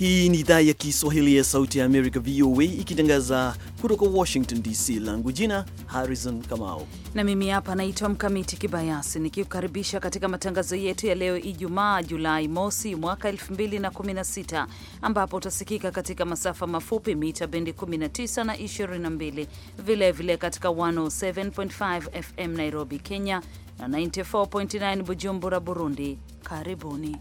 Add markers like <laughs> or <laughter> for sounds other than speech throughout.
Hii ni idhaa ya Kiswahili ya Sauti ya Amerika, VOA, ikitangaza kutoka Washington DC. Langu jina Harrison Kamau na mimi hapa naitwa Mkamiti Kibayasi, nikikukaribisha katika matangazo yetu ya leo Ijumaa, Julai mosi mwaka 2016, ambapo utasikika katika masafa mafupi mita bendi 19 na 22, vilevile vile katika 107.5 FM Nairobi, Kenya na 94.9 Bujumbura, Burundi. Karibuni.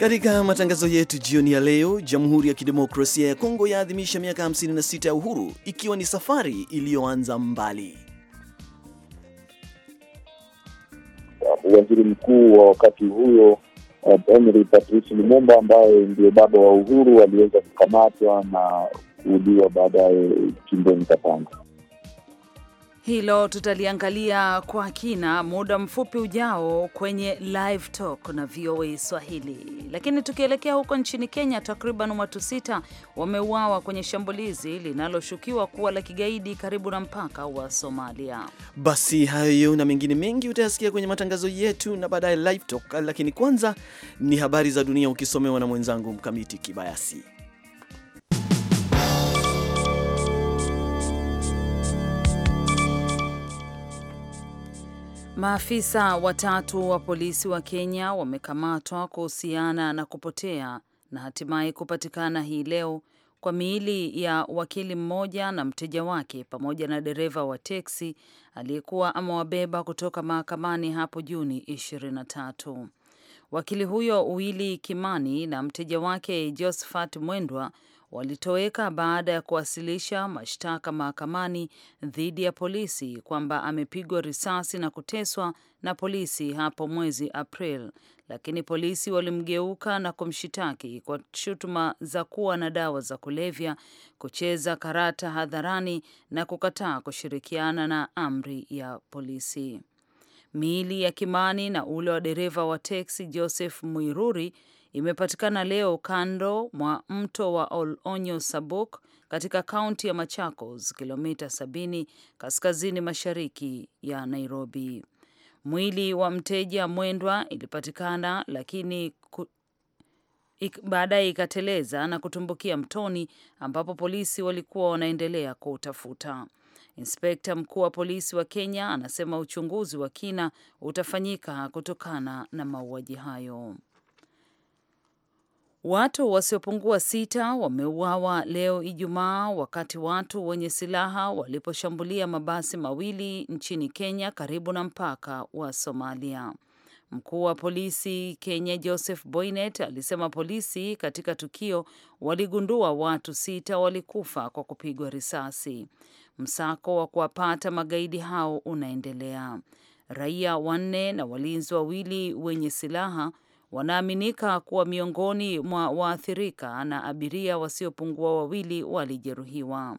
Katika matangazo yetu jioni ya leo, Jamhuri ya Kidemokrasia ya Kongo yaadhimisha miaka 56 ya uhuru, ikiwa ni safari iliyoanza mbali. Waziri mkuu wa wakati huyo Henry eh, Patrice Lumumba, ambaye ndio baba wa uhuru, aliweza kukamatwa na kuuliwa baadaye kimbeni Katanga. Hilo tutaliangalia kwa kina muda mfupi ujao kwenye Live Talk na VOA Swahili. Lakini tukielekea huko nchini Kenya, takriban watu sita wameuawa kwenye shambulizi linaloshukiwa kuwa la kigaidi karibu na mpaka wa Somalia. Basi hayo na mengine mengi utayasikia kwenye matangazo yetu na baadaye Live Talk, lakini kwanza ni habari za dunia ukisomewa na mwenzangu Mkamiti Kibayasi. Maafisa watatu wa polisi wa Kenya wamekamatwa kuhusiana na kupotea na hatimaye kupatikana hii leo kwa miili ya wakili mmoja na mteja wake pamoja na dereva wa teksi aliyekuwa amewabeba kutoka mahakamani hapo Juni 23. Wakili huyo wili Kimani na mteja wake Josephat Mwendwa walitoweka baada ya kuwasilisha mashtaka mahakamani dhidi ya polisi kwamba amepigwa risasi na kuteswa na polisi hapo mwezi April, lakini polisi walimgeuka na kumshitaki kwa shutuma za kuwa na dawa za kulevya, kucheza karata hadharani na kukataa kushirikiana na amri ya polisi. Miili ya Kimani na ule wa dereva wa teksi Joseph mwiruri imepatikana leo kando mwa mto wa Olonyo Sabuk katika kaunti ya Machakos, kilomita 70 kaskazini mashariki ya Nairobi. Mwili wa mteja Mwendwa ilipatikana lakini ku... ik... baadaye ikateleza na kutumbukia mtoni ambapo polisi walikuwa wanaendelea kuutafuta. Inspekta mkuu wa polisi wa Kenya anasema uchunguzi wa kina utafanyika kutokana na mauaji hayo. Watu wasiopungua sita wameuawa leo Ijumaa wakati watu wenye silaha waliposhambulia mabasi mawili nchini Kenya karibu na mpaka wa Somalia. Mkuu wa polisi Kenya Joseph Boynet alisema polisi katika tukio waligundua watu sita walikufa kwa kupigwa risasi. Msako wa kuwapata magaidi hao unaendelea. Raia wanne na walinzi wawili wenye silaha wanaaminika kuwa miongoni mwa waathirika na abiria wasiopungua wawili walijeruhiwa.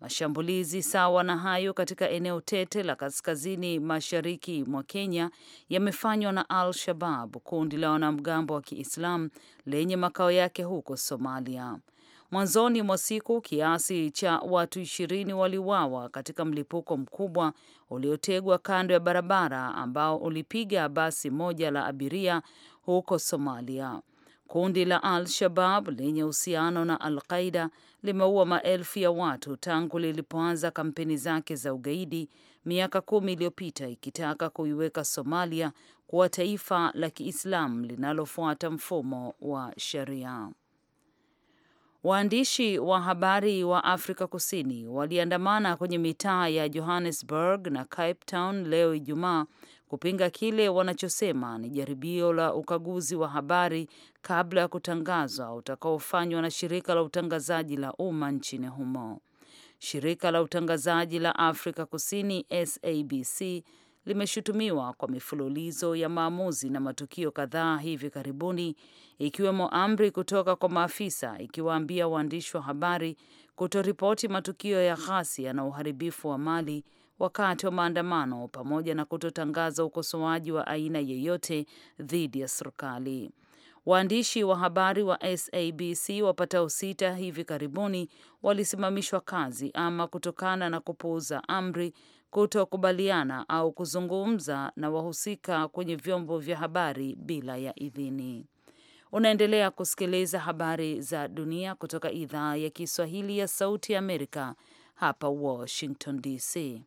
Mashambulizi sawa na hayo katika eneo tete la kaskazini mashariki mwa Kenya yamefanywa na Al Shabab, kundi la wanamgambo wa Kiislamu lenye makao yake huko Somalia. Mwanzoni mwa siku kiasi cha watu ishirini waliuawa katika mlipuko mkubwa uliotegwa kando ya barabara ambao ulipiga basi moja la abiria huko Somalia. Kundi la Al-Shabab lenye uhusiano na Al-Qaida limeua maelfu ya watu tangu lilipoanza kampeni zake za ugaidi miaka kumi iliyopita ikitaka kuiweka Somalia kuwa taifa la Kiislamu linalofuata mfumo wa sharia. Waandishi wa habari wa Afrika Kusini waliandamana kwenye mitaa ya Johannesburg na Cape Town leo Ijumaa kupinga kile wanachosema ni jaribio la ukaguzi wa habari kabla ya kutangazwa utakaofanywa na shirika la utangazaji la umma nchini humo. Shirika la utangazaji la Afrika Kusini SABC limeshutumiwa kwa mifululizo ya maamuzi na matukio kadhaa hivi karibuni, ikiwemo amri kutoka kwa maafisa ikiwaambia waandishi wa habari kutoripoti matukio ya ghasia na uharibifu wa mali wakati wa maandamano pamoja na kutotangaza ukosoaji wa aina yeyote dhidi ya serikali. Waandishi wa habari wa SABC wapatao sita hivi karibuni walisimamishwa kazi ama kutokana na kupuuza amri, kutokubaliana au kuzungumza na wahusika kwenye vyombo vya habari bila ya idhini. Unaendelea kusikiliza habari za dunia kutoka idhaa ya Kiswahili ya Sauti ya Amerika hapa Washington DC.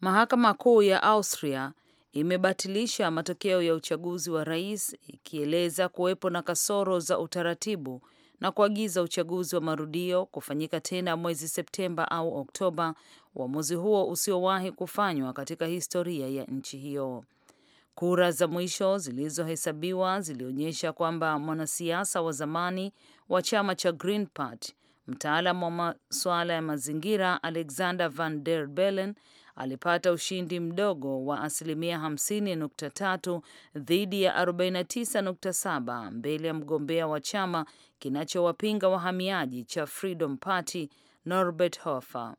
Mahakama Kuu ya Austria imebatilisha matokeo ya uchaguzi wa rais ikieleza kuwepo na kasoro za utaratibu na kuagiza uchaguzi wa marudio kufanyika tena mwezi Septemba au Oktoba, uamuzi huo usiowahi kufanywa katika historia ya nchi hiyo. Kura za mwisho zilizohesabiwa zilionyesha kwamba mwanasiasa wa zamani wa chama cha Green Party, mtaalamu wa masuala ya mazingira Alexander Van der Bellen alipata ushindi mdogo wa asilimia 50.3 dhidi ya 49.7 mbele ya mgombea wa chama kinachowapinga wahamiaji cha Freedom Party Norbert Hofer.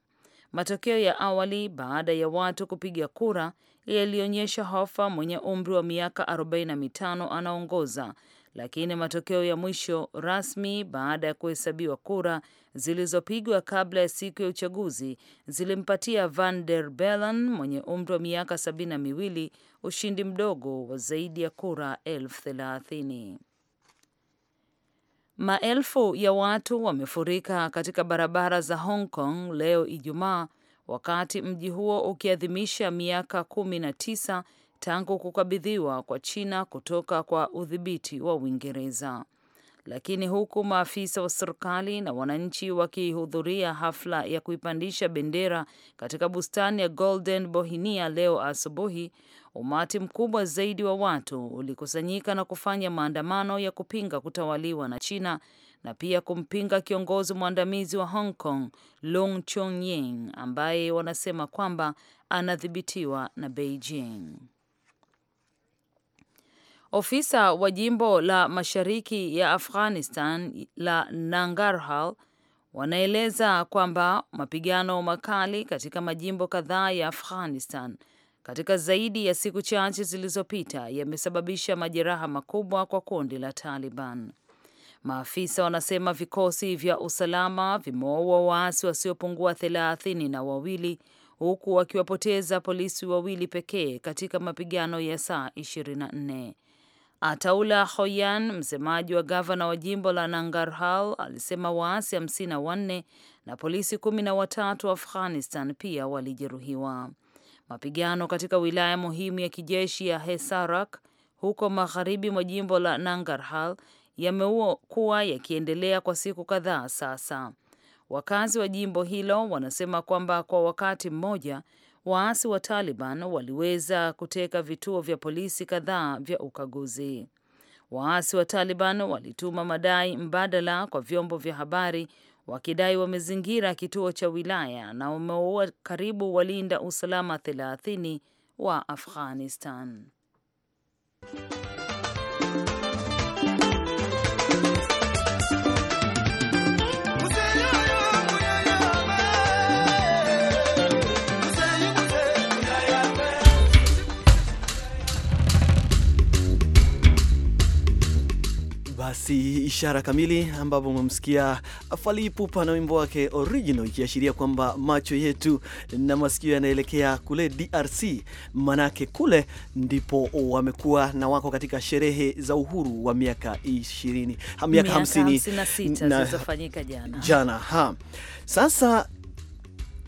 Matokeo ya awali baada ya watu kupiga kura yalionyesha Hofer mwenye umri wa miaka 45 anaongoza lakini matokeo ya mwisho rasmi baada ya kuhesabiwa kura zilizopigwa kabla ya siku ya uchaguzi zilimpatia Van der Bellen mwenye umri wa miaka sabini na miwili ushindi mdogo wa zaidi ya kura elfu thelathini. Maelfu ya watu wamefurika katika barabara za Hong Kong leo Ijumaa, wakati mji huo ukiadhimisha miaka kumi na tisa tangu kukabidhiwa kwa China kutoka kwa udhibiti wa Uingereza. Lakini huku maafisa wa serikali na wananchi wakihudhuria hafla ya kuipandisha bendera katika bustani ya Golden Bohinia leo asubuhi, umati mkubwa zaidi wa watu ulikusanyika na kufanya maandamano ya kupinga kutawaliwa na China na pia kumpinga kiongozi mwandamizi wa Hong Kong Lung Chong Ying ambaye wanasema kwamba anadhibitiwa na Beijing. Ofisa wa jimbo la mashariki ya Afghanistan la Nangarhar wanaeleza kwamba mapigano makali katika majimbo kadhaa ya Afghanistan katika zaidi ya siku chache zilizopita yamesababisha majeraha makubwa kwa kundi la Taliban. Maafisa wanasema vikosi vya usalama vimewaua waasi wasiopungua thelathini na wawili huku wakiwapoteza polisi wawili pekee katika mapigano ya saa 24. Ataula Hoyan, msemaji wa gavana wa jimbo la Nangarhal, alisema waasi hamsini na wanne na polisi kumi na watatu wa Afghanistan pia walijeruhiwa. Mapigano katika wilaya muhimu ya kijeshi ya Hesarak huko magharibi mwa jimbo la Nangarhar yamekuwa yakiendelea kwa siku kadhaa sasa. Wakazi wa jimbo hilo wanasema kwamba kwa wakati mmoja waasi wa Taliban waliweza kuteka vituo vya polisi kadhaa vya ukaguzi. Waasi wa Taliban walituma madai mbadala kwa vyombo vya habari wakidai wamezingira kituo cha wilaya na wameua karibu walinda usalama 30 wa Afghanistan. Basi ishara kamili, ambapo umemsikia Fally Ipupa na wimbo wake original, ikiashiria kwamba macho yetu na masikio yanaelekea kule DRC, manake kule ndipo wamekuwa na wako katika sherehe za uhuru wa miaka 20 miaka 56 zilizofanyika jana jana. Ha, sasa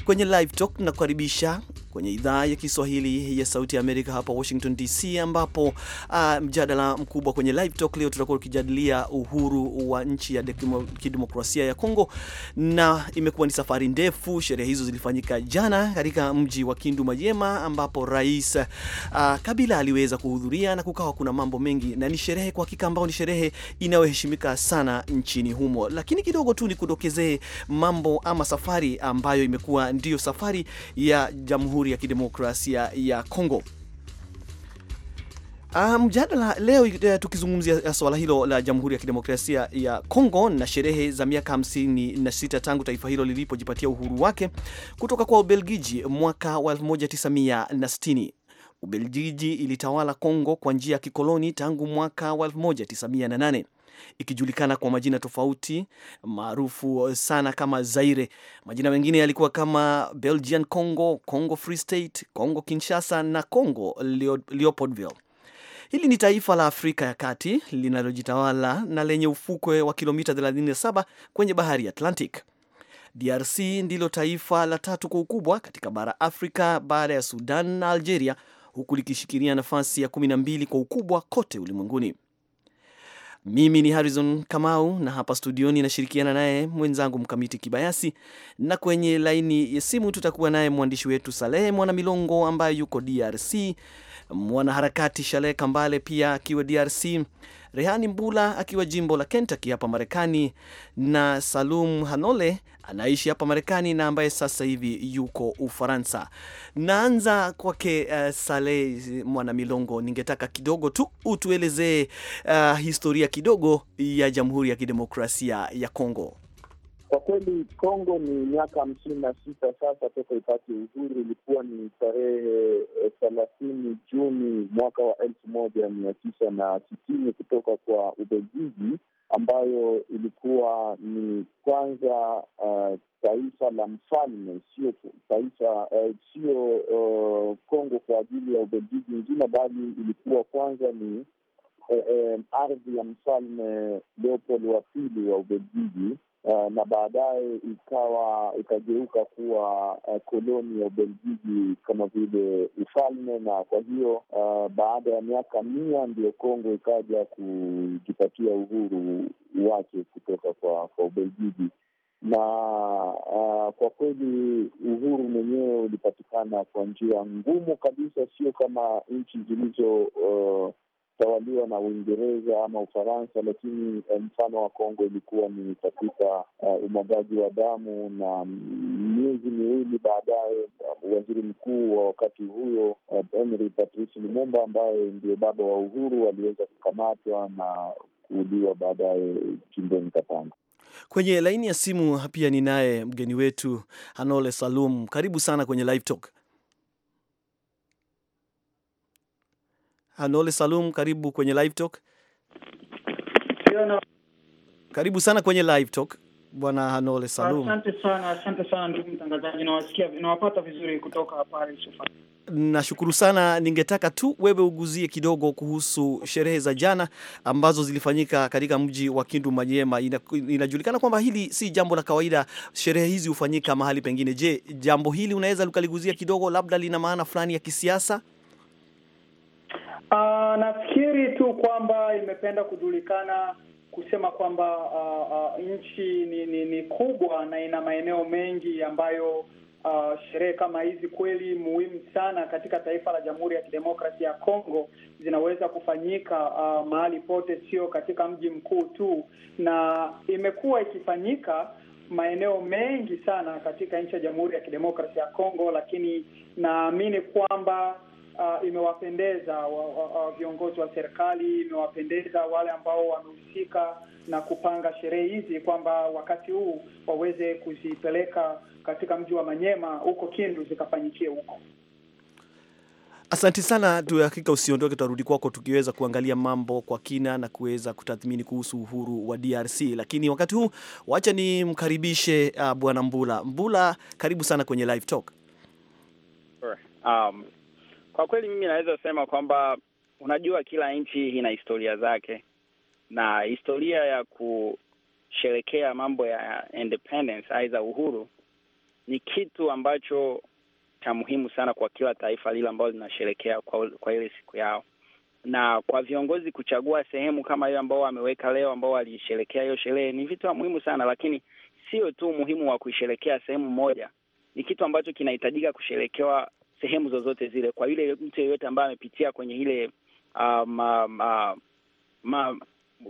kwenye live talk tunakukaribisha kwenye idhaa ya Kiswahili ya Sauti ya Amerika hapa Washington DC, ambapo uh, mjadala mkubwa kwenye live talk leo tutakuwa tukijadilia uhuru wa nchi ya kidemokrasia ya Kongo, na imekuwa ni safari ndefu. Sherehe hizo zilifanyika jana katika mji wa Kindu Majema, ambapo rais uh, Kabila aliweza kuhudhuria na kukawa kuna mambo mengi, na ni sherehe kwa hakika ambao ni sherehe inayoheshimika sana nchini humo, lakini kidogo tu nikudokezee mambo ama safari ambayo imekuwa ndiyo safari ya jamhuri Jamhuri ya Kidemokrasia ya Kongo. Ah, mjadala um, leo eh, tukizungumzia eh, swala hilo la Jamhuri ya Kidemokrasia ya Kongo na sherehe za miaka 56 tangu taifa hilo lilipojipatia uhuru wake kutoka kwa Ubelgiji mwaka wa 1960. Ubelgiji ilitawala Kongo kwa njia ya kikoloni tangu mwaka wa 1908 ikijulikana kwa majina tofauti maarufu sana kama Zaire. Majina mengine yalikuwa kama Belgian Congo, Congo Free State, Congo Kinshasa na Congo Leopoldville. Hili ni taifa la Afrika ya Kati linalojitawala na lenye ufukwe wa kilomita 37 kwenye bahari ya Atlantic. DRC ndilo taifa la tatu kwa ukubwa katika bara Afrika baada ya Sudan na Algeria, huku likishikilia nafasi ya 12 kwa ukubwa kote ulimwenguni. Mimi ni Harrison Kamau na hapa studioni nashirikiana naye mwenzangu Mkamiti Kibayasi, na kwenye laini ya simu tutakuwa naye mwandishi wetu Salehe Mwana Milongo ambaye yuko DRC, mwanaharakati Shale Kambale pia akiwa DRC, Rehani Mbula akiwa jimbo la Kentucky hapa Marekani, na Salum Hanole anaishi hapa Marekani na ambaye sasa hivi yuko Ufaransa. Naanza kwake uh, Saleh Mwana Milongo, ningetaka kidogo tu utuelezee uh, historia kidogo ya Jamhuri ya Kidemokrasia ya Kongo. Kwa kweli Kongo ni miaka hamsini na sita sasa toka ipate uhuru. Ilikuwa ni tarehe eh, thelathini Juni mwaka wa elfu moja mia tisa na sitini kutoka kwa Ubelgiji, ambayo ilikuwa ni kwanza uh, taifa la mfalme, sio taifa eh, sio uh, Kongo kwa ajili ya Ubelgiji nzima, bali ilikuwa kwanza ni uh, um, ardhi ya mfalme Leopold wa pili wa Ubelgiji uh, na baadaye ikawa ikageuka kuwa uh, koloni ya Ubelgiji kama vile ufalme, na kwa hiyo uh, baada ya miaka mia ndiyo Kongo ikaja kujipatia uhuru wake kutoka kwa, kwa Ubelgiji na uh, kwa kweli uhuru mwenyewe ulipatikana kwa njia ngumu kabisa, sio kama nchi zilizo uh, kutawaliwa na Uingereza ama Ufaransa, lakini eh, mfano wa Kongo ilikuwa ni katika uh, umwagaji wa damu, na miezi miwili baadaye uh, waziri mkuu wa wakati huyo uh, Emery Patrice Lumumba ambaye ndio baba wa uhuru aliweza kukamatwa na kuuliwa baadaye chimboni Katanga. Kwenye laini ya simu pia ninaye mgeni wetu Hanole Salum, karibu sana kwenye Live Talk. Hanole Salum, karibu kwenye live talk. Karibu sana kwenye live talk bwana Hanole Salum. Asante sana, asante sana ndugu mtangazaji, nawasikia nawapata vizuri kutoka Paris. Nashukuru sana. Ningetaka tu wewe uguzie kidogo kuhusu sherehe za jana ambazo zilifanyika katika mji wa Kindu Manyema. Ina, inajulikana kwamba hili si jambo la kawaida, sherehe hizi hufanyika mahali pengine. Je, jambo hili unaweza ukaliguzia kidogo, labda lina maana fulani ya kisiasa? Uh, nafikiri tu kwamba imependa kujulikana kusema kwamba uh, uh, nchi ni, ni, ni kubwa na ina maeneo mengi ambayo Uh, sherehe kama hizi kweli muhimu sana katika taifa la Jamhuri ya Kidemokrasia ya Kongo zinaweza kufanyika uh, mahali pote, sio katika mji mkuu tu, na imekuwa ikifanyika maeneo mengi sana katika nchi ya Jamhuri ya Kidemokrasia ya Kongo, lakini naamini kwamba uh, imewapendeza wa, wa, wa, viongozi wa serikali, imewapendeza wale ambao wamehusika na kupanga sherehe hizi kwamba wakati huu waweze kuzipeleka katika mji wa Manyema huko Kindu zikafanyikie huko. Asanti sana, tuhakika usiondoke, tutarudi kwako tukiweza kuangalia mambo kwa kina na kuweza kutathmini kuhusu uhuru wa DRC. Lakini wakati huu wacha ni mkaribishe uh, ah, bwana Mbula Mbula, karibu sana kwenye live talk. Sure. Um... Kwa kweli mimi naweza sema kwamba unajua, kila nchi ina historia zake na historia ya kusherekea mambo ya independence, aidha uhuru, ni kitu ambacho cha muhimu sana kwa kila taifa lile ambalo linasherekea kwa, kwa ile siku yao, na kwa viongozi kuchagua sehemu kama hiyo ambao wameweka leo, ambao walisherekea hiyo sherehe, ni vitu muhimu sana, lakini sio tu umuhimu wa kuisherekea sehemu moja, ni kitu ambacho kinahitajika kusherekewa sehemu zozote zile, kwa yule mtu yeyote ambaye amepitia kwenye ile um, um, um, um,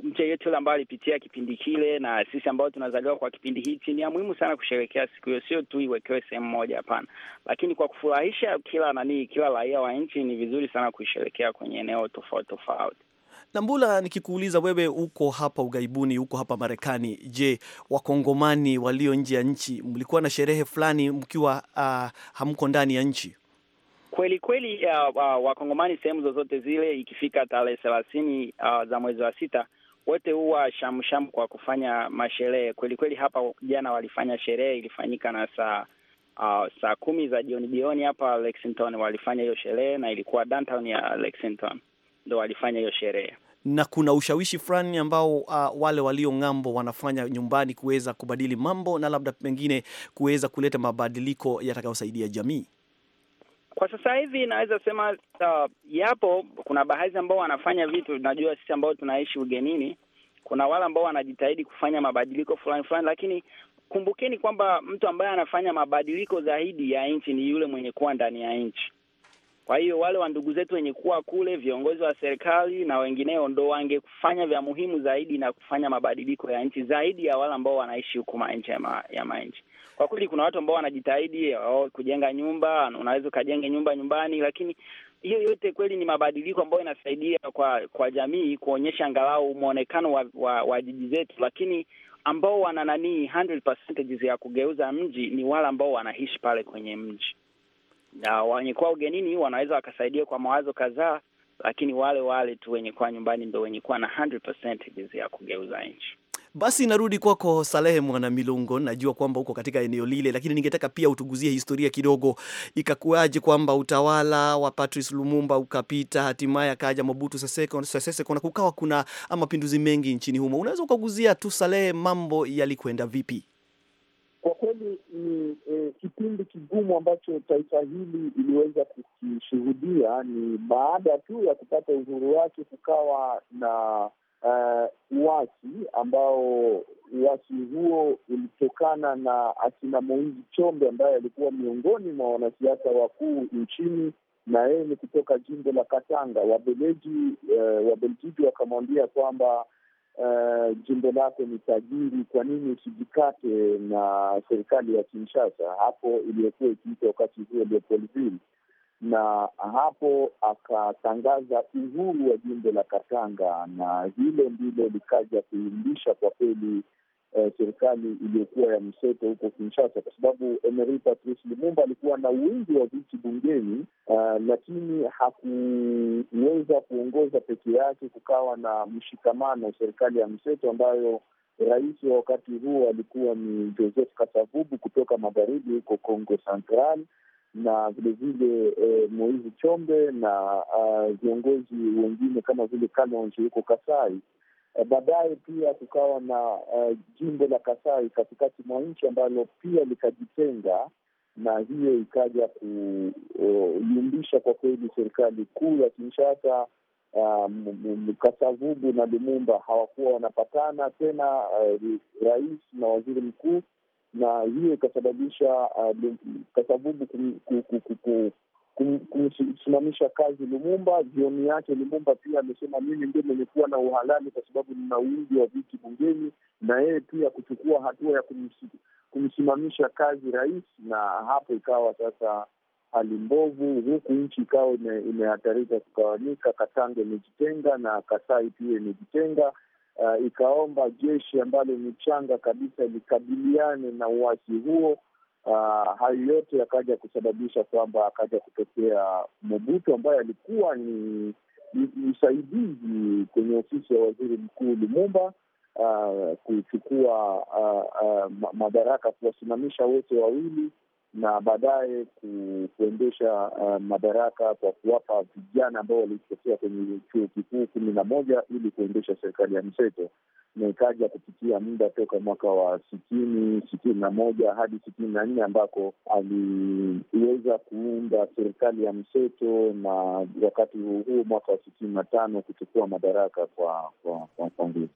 mtu yeyote yule ambaye alipitia kipindi kile na sisi ambao tunazaliwa kwa kipindi hichi, ni ya muhimu sana kusherekea siku hiyo, sio tu iwekewe sehemu moja, hapana. Lakini kwa kufurahisha kila nani, kila raia wa nchi, ni vizuri sana kuisherekea kwenye eneo tofauti tofauti. Nambula, nikikuuliza wewe, uko hapa ughaibuni, uko hapa Marekani, je, wakongomani walio nje ya nchi mlikuwa na sherehe fulani mkiwa uh, hamko ndani ya nchi? Kweli kweli, uh, uh, wakongomani sehemu zozote zile, ikifika tarehe thelathini uh, za mwezi wa sita, wote huwa shamshamu kwa kufanya masherehe kweli kweli. Hapa jana walifanya sherehe, ilifanyika na saa Uh, saa kumi za jioni jioni hapa Lexington walifanya hiyo sherehe, na ilikuwa downtown ya Lexington ndo walifanya hiyo sherehe. Na kuna ushawishi fulani ambao uh, wale walio ng'ambo wanafanya nyumbani kuweza kubadili mambo na labda pengine kuweza kuleta mabadiliko yatakayosaidia jamii. Kwa sasa hivi naweza sema uh, yapo. Kuna baadhi ambao wanafanya vitu, najua sisi ambao tunaishi ugenini, kuna wale ambao wanajitahidi kufanya mabadiliko fulani fulani, lakini kumbukeni kwamba mtu ambaye anafanya mabadiliko zaidi ya nchi ni yule mwenye kuwa ndani ya nchi. Kwa hiyo wale wa ndugu zetu wenye kuwa kule, viongozi wa serikali na wengineo, ndo wangekufanya vya muhimu zaidi na kufanya mabadiliko ya nchi zaidi ya wale ambao wanaishi huku nje ya manchi. Kwa kweli kuna watu ambao wanajitahidi oh, kujenga nyumba, unaweza ukajenge nyumba nyumbani, lakini hiyo yote kweli ni mabadiliko ambayo inasaidia kwa kwa jamii kuonyesha angalau mwonekano wa, wa, wa jiji zetu, lakini ambao wana nanii 100% ya kugeuza mji ni wale ambao wanaishi pale kwenye mji na wenye kuwa ugenini wanaweza wakasaidia kwa mawazo kadhaa, lakini wale wale tu wenye kuwa nyumbani ndo wenye kuwa na 100% jinsi ya kugeuza nchi. Basi narudi kwako Salehe Mwana Milongo, najua kwamba uko katika eneo lile, lakini ningetaka pia utuguzie historia kidogo. Ikakuaje kwamba utawala wa Patrice Lumumba ukapita, hatimaye akaja Mobutu Seseko, Seseko na kukawa kuna mapinduzi mengi nchini humo? Unaweza ukaguzia tu Salehe, mambo yalikwenda vipi? Kwa kweli ni e, kipindi kigumu ambacho taifa hili iliweza kukishuhudia ni baada tu ya kupata uhuru wake, kukawa na eh, uasi uh, ambao uasi huo ulitokana na akina Moizi Chombe ambaye alikuwa miongoni mwa wanasiasa wakuu nchini na yeye ni kutoka jimbo la Katanga. Wabeleji uh, eh, Wabeljiji wakamwambia kwamba uh, jimbo lako ni tajiri, kwa nini usijikate na serikali ya Kinshasa hapo iliyokuwa ikiitwa wakati huo Leopoldville, na hapo akatangaza uhuru wa jimbo la Katanga, na hilo ndilo likaja kuimbisha kwa kweli eh, serikali iliyokuwa ya mseto huko Kinshasa, kwa sababu Emery Patrice Lumumba alikuwa na wingi wa viti bungeni, uh, lakini hakuweza kuongoza peke yake. Kukawa na mshikamano, serikali ya mseto ambayo rais wa wakati huo alikuwa ni Joseph Kasavubu kutoka magharibi huko Congo Central na vilevile e, eh, Moizi Chombe na eh, viongozi wengine kama vile Kalonji huko Kasai. Eh, baadaye pia tukawa na e, jimbo la Kasai katikati mwa nchi ambalo pia likajitenga, na hiyo ikaja kuyumbisha eh, kwa kweli serikali kuu ya Kinshasa. Um, Kasavubu na Lumumba hawakuwa wanapatana tena, uh, rais na waziri mkuu, na hiyo ikasababisha uh, Kasavubu kumsimamisha kazi Lumumba. Jioni yake Lumumba pia amesema mimi ndio mwenye kuwa na uhalali kwa sababu nina wingi wa viti bungeni, na yeye pia kuchukua hatua ya kumsimamisha kazi rais, na hapo ikawa sasa hali mbovu, huku nchi ikawa imehatarika kugawanyika. Katanga imejitenga na Kasai pia imejitenga. Uh, ikaomba jeshi ambalo ni changa kabisa likabiliane na uasi huo Uh, ah, hayo yote yakaja kusababisha kwamba akaja kutokea Mobutu ambaye alikuwa ni msaidizi kwenye ofisi ya waziri mkuu Lumumba, uh, kuchukua uh, uh, madaraka, kuwasimamisha wote wawili na baadaye kuendesha uh, madaraka kwa kuwapa vijana ambao walitokea kwenye chuo kikuu kumi na moja ili kuendesha serikali ya mseto, na ikaja kupitia muda toka mwaka wa sitini sitini na moja hadi sitini na nne ambako aliweza kuunda serikali ya mseto, na wakati huo huo mwaka wa sitini na tano kuchukua madaraka kwa kwa nguvu.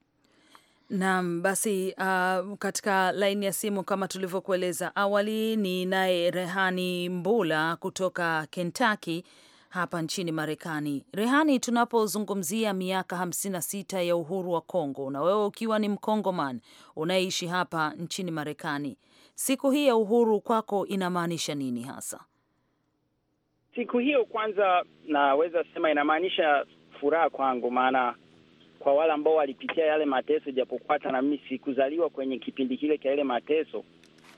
Naam, basi uh, katika laini ya simu kama tulivyokueleza awali ni naye Rehani Mbula kutoka Kentucky hapa nchini Marekani. Rehani, tunapozungumzia miaka hamsini na sita ya uhuru wa Kongo na wewe ukiwa ni Mkongoman unayeishi hapa nchini Marekani, siku hii ya uhuru kwako inamaanisha nini hasa? Siku hiyo kwanza, naweza sema inamaanisha furaha kwangu, maana kwa wale ambao walipitia yale mateso, japokuwa hata na mimi sikuzaliwa kwenye kipindi kile cha yale mateso,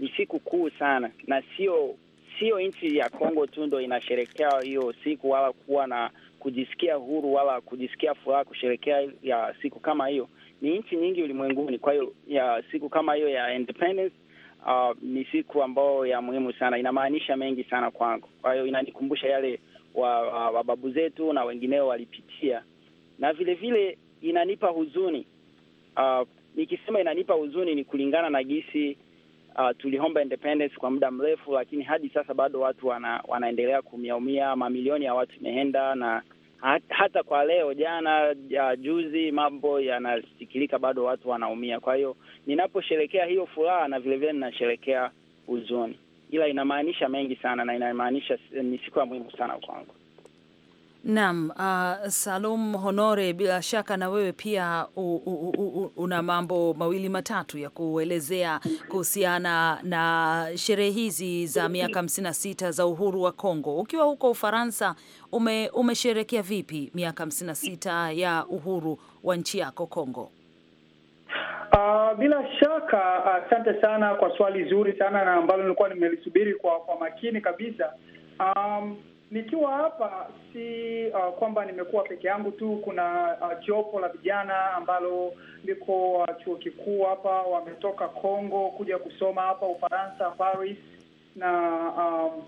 ni siku kuu sana, na sio sio nchi ya Kongo tu ndo inasherekea hiyo siku wala kuwa na kujisikia huru wala kujisikia furaha kusherekea ya siku kama hiyo, ni nchi nyingi ulimwenguni. Kwa hiyo ya siku kama hiyo ya independence uh, ni siku ambayo ya muhimu sana, inamaanisha mengi sana kwangu. Kwa hiyo inanikumbusha yale wababu wa, wa zetu na wengineo walipitia, na vile vile inanipa huzuni uh, nikisema inanipa huzuni ni kulingana na gisi uh, tuliomba independence kwa muda mrefu, lakini hadi sasa bado watu wana, wanaendelea kuumiaumia. Mamilioni ya watu imeenda na hata kwa leo jana ya juzi mambo yanasikilika, bado watu wanaumia. Kwa hiyo ninaposherekea hiyo furaha na vilevile ninasherekea huzuni, ila inamaanisha mengi sana na inamaanisha ni siku ya muhimu sana kwangu. Naam, uh, Salum Honore, bila shaka na wewe pia u, u, u, una mambo mawili matatu ya kuelezea kuhusiana na sherehe hizi za miaka sita za uhuru wa Kongo. Ukiwa huko Ufaransa, ume, umesherekea vipi miaka sita ya uhuru wa nchi yako Kongo? Uh, bila shaka asante uh, sana kwa swali zuri sana na ambalo nilikuwa nimelisubiri kwa, kwa makini kabisa um, Nikiwa hapa si uh, kwamba nimekuwa peke yangu tu. Kuna uh, jopo la vijana ambalo liko uh, chuo kikuu hapa, wametoka Kongo kuja kusoma hapa Ufaransa, Paris, na um,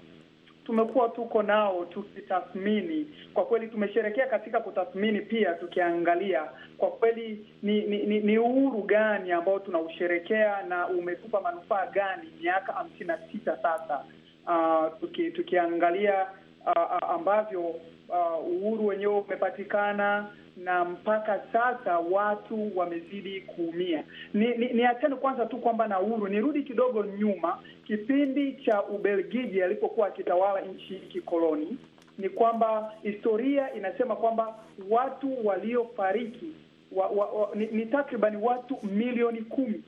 tumekuwa tuko nao tukitathmini. Kwa kweli tumesherekea katika kutathmini, pia tukiangalia kwa kweli ni, ni, ni, ni uhuru gani ambao tunausherekea na umetupa manufaa gani miaka hamsini na sita sasa. Uh, tuki, tukiangalia uh, ambavyo uh, uhuru wenyewe umepatikana na mpaka sasa watu wamezidi kuumia. Ni, ni, ni kwanza tu kwamba na uhuru, nirudi kidogo nyuma, kipindi cha Ubelgiji alipokuwa akitawala nchi kikoloni, ni kwamba historia inasema kwamba watu waliofariki wa, wa, wa, ni, ni takribani watu milioni kumi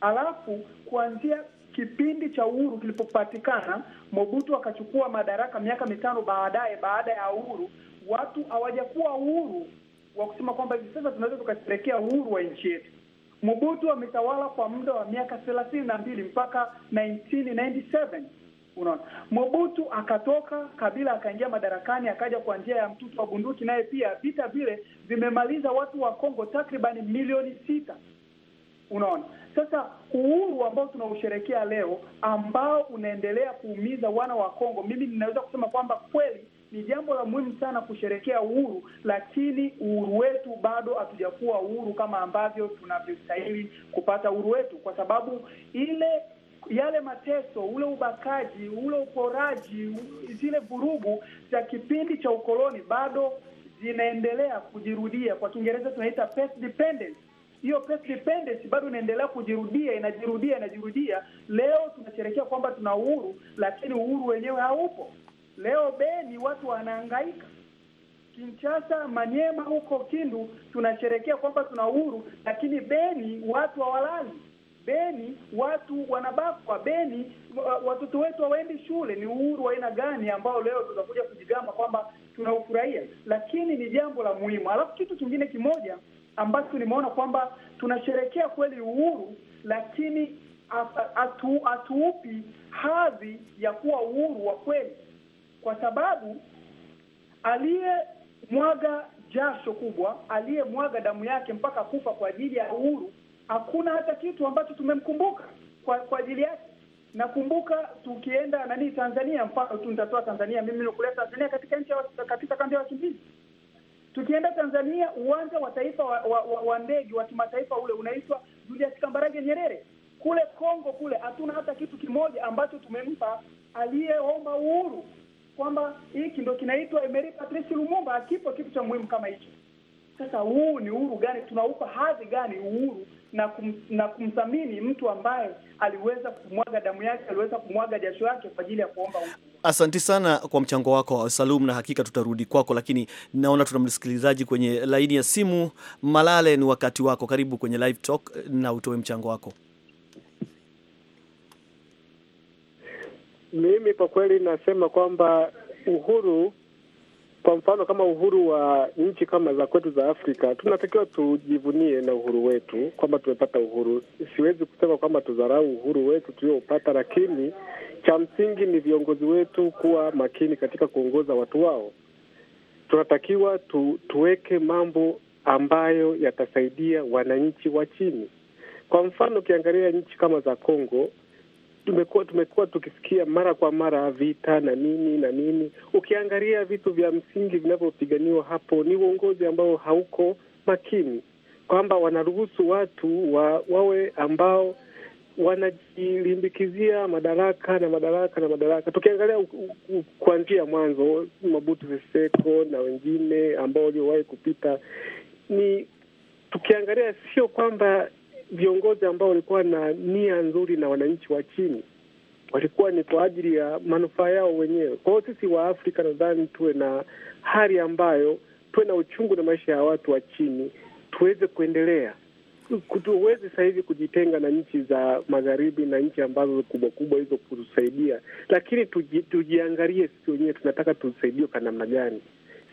alafu kuanzia kipindi cha uhuru kilipopatikana, Mobutu akachukua madaraka miaka mitano baadaye, baada ya uhuru, watu hawajakuwa uhuru wa kusema kwamba hivi sasa tunaweza tukasherekea uhuru wa nchi yetu. Mobutu ametawala kwa muda wa miaka thelathini na mbili mpaka 1997 unaona. Mobutu akatoka, Kabila akaingia madarakani, akaja kwa njia ya mtutu wa bunduki, naye pia vita vile vimemaliza watu wa Kongo takribani milioni sita unaona sasa uhuru ambao tunausherekea leo, ambao unaendelea kuumiza wana wa Kongo, mimi ninaweza kusema kwamba kweli ni jambo la muhimu sana kusherekea uhuru, lakini uhuru wetu bado hatujakuwa uhuru kama ambavyo tunavyostahili kupata uhuru wetu, kwa sababu ile yale mateso, ule ubakaji, ule uporaji, zile vurugu za kipindi cha ukoloni bado zinaendelea kujirudia. Kwa Kiingereza tunaita past dependence, hiyo press dependency bado inaendelea kujirudia, inajirudia, inajirudia. Leo tunasherehekea kwamba tuna uhuru, lakini uhuru wenyewe haupo. Leo Beni watu wanahangaika, Kinshasa, Manyema, huko Kindu tunasherehekea kwamba tuna uhuru, lakini Beni watu hawalali. Beni watu wanabakwa. Beni watoto wetu hawaendi shule. Ni uhuru wa aina gani ambao leo tunakuja kujigamba kwamba tunaufurahia? Lakini ni jambo la muhimu. Alafu kitu kingine kimoja ambacho nimeona kwamba tunasherekea kweli uhuru, lakini hatuupi atu, hadhi ya kuwa uhuru wa kweli, kwa sababu aliyemwaga jasho kubwa, aliyemwaga damu yake mpaka kufa kwa ajili ya uhuru, hakuna hata kitu ambacho tumemkumbuka kwa kwa ajili yake. Nakumbuka tukienda nani Tanzania, mfano tu nitatoa Tanzania, mimi nikuleta Tanzania katika nchi katika kambi ya wakimbizi Tukienda Tanzania, uwanja wa taifa wa, wa, wa, ndege wa kimataifa ule unaitwa Julius Kambarage Nyerere. Kule Kongo kule hatuna hata kitu kimoja ambacho tumempa aliyeomba uhuru, kwamba hiki ndo kinaitwa Emery Patrice Lumumba. Akipo kitu cha muhimu kama hicho. Sasa huu ni uhuru gani? Tunaupa hadhi gani uhuru na, kum, na kumthamini mtu ambaye aliweza kumwaga damu yake, aliweza kumwaga jasho yake kwa ajili ya kuomba uhuru? Asanti sana kwa mchango wako Salum, na hakika tutarudi kwako, lakini naona tuna msikilizaji kwenye laini ya simu. Malale, ni wakati wako, karibu kwenye live talk na utoe mchango wako. Mimi kwa kweli nasema kwamba uhuru kwa mfano kama uhuru wa nchi kama za kwetu za Afrika, tunatakiwa tujivunie na uhuru wetu kwamba tumepata uhuru. Siwezi kusema kwamba tudharau uhuru wetu tuliopata lakini cha msingi ni viongozi wetu kuwa makini katika kuongoza watu wao. Tunatakiwa tu, tuweke mambo ambayo yatasaidia wananchi wa chini. Kwa mfano ukiangalia nchi kama za Kongo tumekuwa tumekuwa tukisikia mara kwa mara vita na nini na nini. Ukiangalia vitu vya msingi vinavyopiganiwa hapo ni uongozi ambao hauko makini, kwamba wanaruhusu watu wa, wawe ambao wanajilimbikizia madaraka na madaraka na madaraka. Tukiangalia kuanzia mwanzo, Mobutu Seseko na wengine ambao waliowahi kupita, ni tukiangalia sio kwamba viongozi ambao walikuwa na nia nzuri na wananchi wa chini, walikuwa ni kwa ajili ya manufaa yao wenyewe. Kwa hiyo sisi wa Afrika nadhani tuwe na hali ambayo tuwe na uchungu na maisha ya watu wa chini, tuweze kuendelea tuwezi sasa hivi kujitenga na nchi za magharibi na nchi ambazo kubwa kubwa hizo kutusaidia, lakini tuji, tujiangalie sisi wenyewe tunataka tusaidiwe kwa namna gani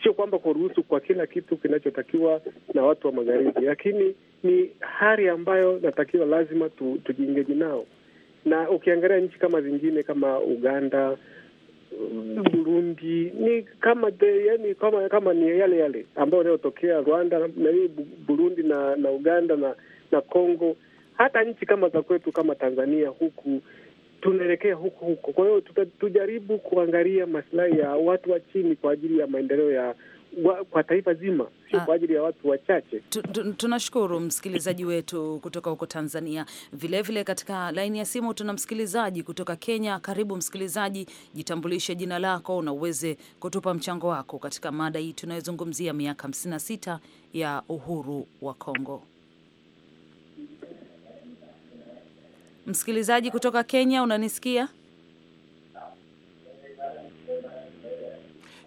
sio kwamba kuruhusu kwa kila kitu kinachotakiwa na watu wa magharibi, lakini ni hali ambayo natakiwa lazima tu, tujiingeji nao, na ukiangalia nchi kama zingine kama Uganda mm. Burundi ni kama de, yani kama kama ni yale yale ambayo yanayotokea Rwanda na hii Burundi na na Uganda na na Congo, hata nchi kama za kwetu kama Tanzania huku tunaelekea huko huko. Kwa hiyo tujaribu kuangalia masilahi ya watu wa chini kwa ajili ya maendeleo ya kwa taifa zima, sio ah. kwa ajili ya watu wachache. Tunashukuru msikilizaji wetu kutoka huko Tanzania. Vilevile vile katika laini ya simu tuna msikilizaji kutoka Kenya. Karibu msikilizaji, jitambulishe jina lako na uweze kutupa mchango wako katika mada hii tunayozungumzia miaka 56 ya uhuru wa Kongo. Msikilizaji kutoka Kenya, unanisikia?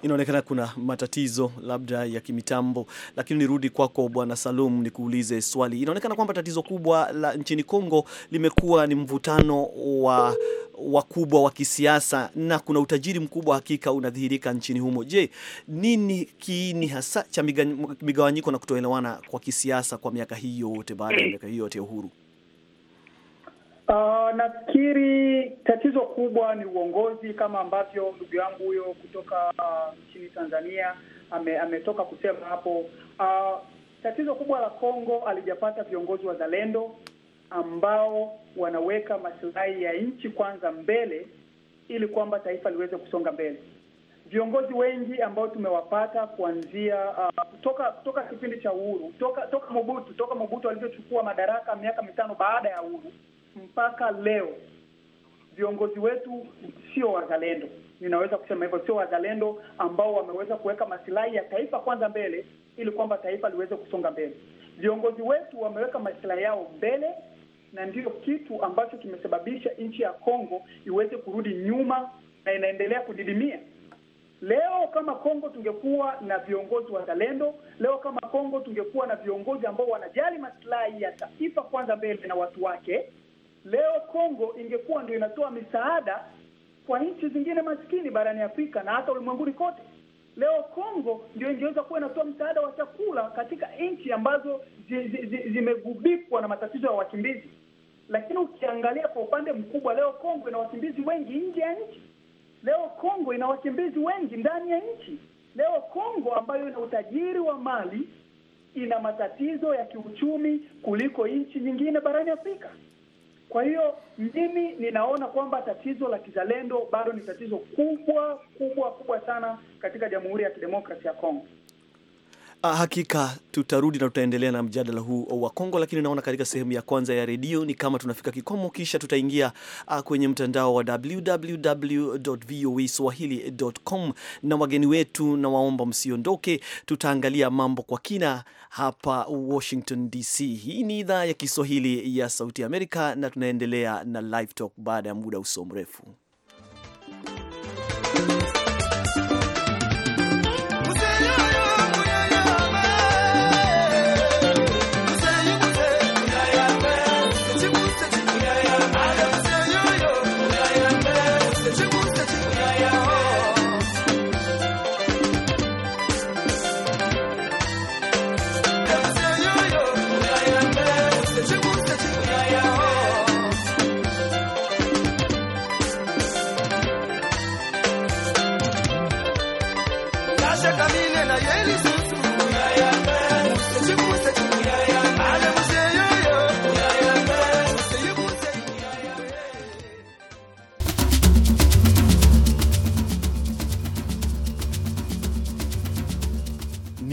Inaonekana kuna matatizo labda ya kimitambo, lakini nirudi kwako Bwana Salum nikuulize swali. Inaonekana kwamba tatizo kubwa la nchini Kongo limekuwa ni mvutano wa wakubwa wa kisiasa na kuna utajiri mkubwa hakika unadhihirika nchini humo. Je, nini kiini hasa cha migawanyiko na kutoelewana kwa kisiasa kwa miaka hii yote baada ya miaka hii yote ya uhuru? Uh, nafikiri tatizo kubwa ni uongozi, kama ambavyo ndugu yangu huyo kutoka ah, nchini uh, Tanzania ame, ametoka kusema hapo. Uh, tatizo kubwa la Kongo alijapata viongozi wazalendo ambao wanaweka masilahi ya nchi kwanza mbele ili kwamba taifa liweze kusonga mbele. Viongozi wengi ambao tumewapata kuanzia uh, toka toka kipindi cha uhuru toka toka Mobutu toka Mobutu alivyochukua madaraka miaka mitano baada ya uhuru mpaka leo viongozi wetu sio wazalendo, ninaweza kusema hivyo, sio wazalendo ambao wameweza kuweka masilahi ya taifa kwanza mbele, ili kwamba taifa liweze kusonga mbele. Viongozi wetu wameweka masilahi yao mbele, na ndiyo kitu ambacho kimesababisha nchi ya Kongo iweze kurudi nyuma na inaendelea kudidimia. Leo kama Kongo tungekuwa na viongozi wazalendo, leo kama Kongo tungekuwa na viongozi ambao wanajali masilahi ya taifa kwanza mbele na watu wake Leo Kongo ingekuwa ndio inatoa misaada kwa nchi zingine maskini barani Afrika na hata ulimwenguni kote. Leo Kongo ndio ingeweza kuwa inatoa msaada wa chakula katika nchi ambazo zimegubikwa na matatizo ya wakimbizi, lakini ukiangalia kwa upande mkubwa, leo Kongo ina wakimbizi wengi nje ya nchi. Leo Kongo ina wakimbizi wengi ndani ya nchi. Leo Kongo ambayo ina utajiri wa mali ina matatizo ya kiuchumi kuliko nchi nyingine barani Afrika. Kwa hiyo mimi ninaona kwamba tatizo la kizalendo bado ni tatizo kubwa kubwa kubwa sana katika Jamhuri ya Kidemokrasia ya Kongo. Ah, hakika tutarudi na tutaendelea na mjadala huu oh, wa Kongo, lakini naona katika sehemu ya kwanza ya redio ni kama tunafika kikomo, kisha tutaingia ah, kwenye mtandao wa www.voaswahili.com na wageni wetu, na waomba msiondoke, tutaangalia mambo kwa kina hapa Washington DC. Hii ni idhaa ya Kiswahili ya Sauti ya Amerika na tunaendelea na Live Talk baada ya muda usio mrefu.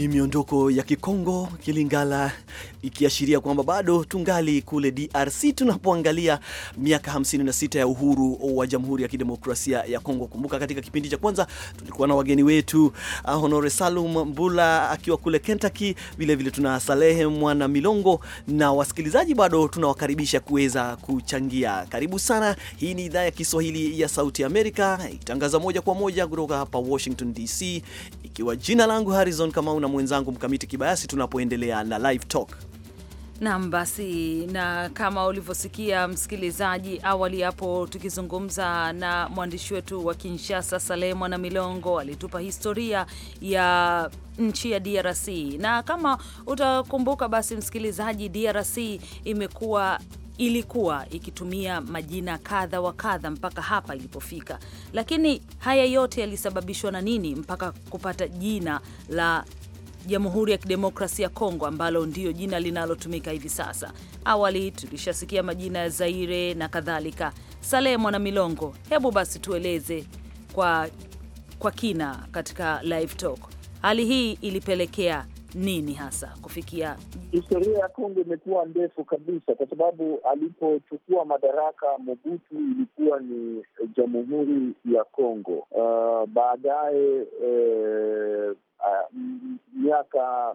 ni miondoko ya Kikongo Kilingala, ikiashiria kwamba bado tungali kule DRC tunapoangalia miaka 56 ya uhuru wa Jamhuri ya Kidemokrasia ya Kongo. Kumbuka katika kipindi cha kwanza tulikuwa na wageni wetu ah, Honore Salum Mbula akiwa kule Kentucky, vilevile tuna Salehe Mwana Milongo na wasikilizaji bado tunawakaribisha kuweza kuchangia. Karibu sana, hii ni idhaa ya Kiswahili ya Sauti Amerika ikitangaza moja kwa moja kutoka hapa Washington DC ikiwa jina langu Harrison Kamau na mwenzangu Mkamiti Kibayasi, tunapoendelea na live talk. Naam, basi na kama ulivyosikia msikilizaji, awali hapo tukizungumza na mwandishi wetu wa Kinshasa Saleh Mwana Milongo alitupa historia ya nchi ya DRC, na kama utakumbuka, basi msikilizaji, DRC imekuwa ilikuwa ikitumia majina kadha wa kadha mpaka hapa ilipofika. Lakini haya yote yalisababishwa na nini mpaka kupata jina la Jamhuri ya Kidemokrasia ya Kongo ambalo ndiyo jina linalotumika hivi sasa. Awali tulishasikia majina ya Zaire na kadhalika. Salehe Mwana Milongo, hebu basi tueleze kwa, kwa kina katika live talk hali hii ilipelekea nini hasa kufikia? Historia ya Kongo imekuwa ndefu kabisa, kwa sababu alipochukua madaraka Mobutu ilikuwa ni eh, jamhuri ya Kongo. Uh, baadaye uh, uh, miaka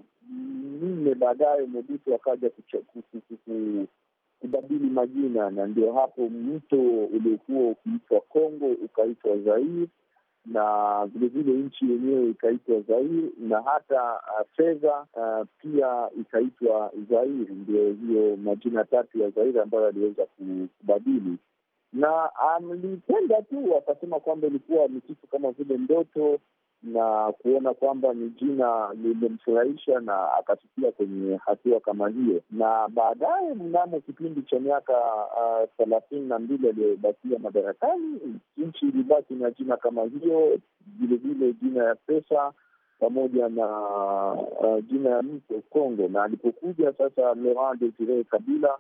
minne baadaye Mobutu akaja kubadili majina, na ndio hapo mto uliokuwa ukiitwa Kongo ukaitwa Zaire na vilevile nchi yenyewe ikaitwa Zairi na hata uh, fedha uh, pia ikaitwa Zair. Ndio hiyo majina tatu ya Zairi ambayo aliweza kubadili na alipenda um, tu akasema kwamba ilikuwa ni kitu kama vile ndoto na kuona kwamba ni jina lilimfurahisha na akafikia kwenye hatua kama hiyo. Na baadaye mnamo kipindi cha miaka uh, thelathini uh, na mbili aliyobakia madarakani, nchi ilibaki na jina kama hiyo, vilevile jina ya pesa pamoja na uh, jina ya mto Kongo, na alipokuja sasa Laurent Desire Kabila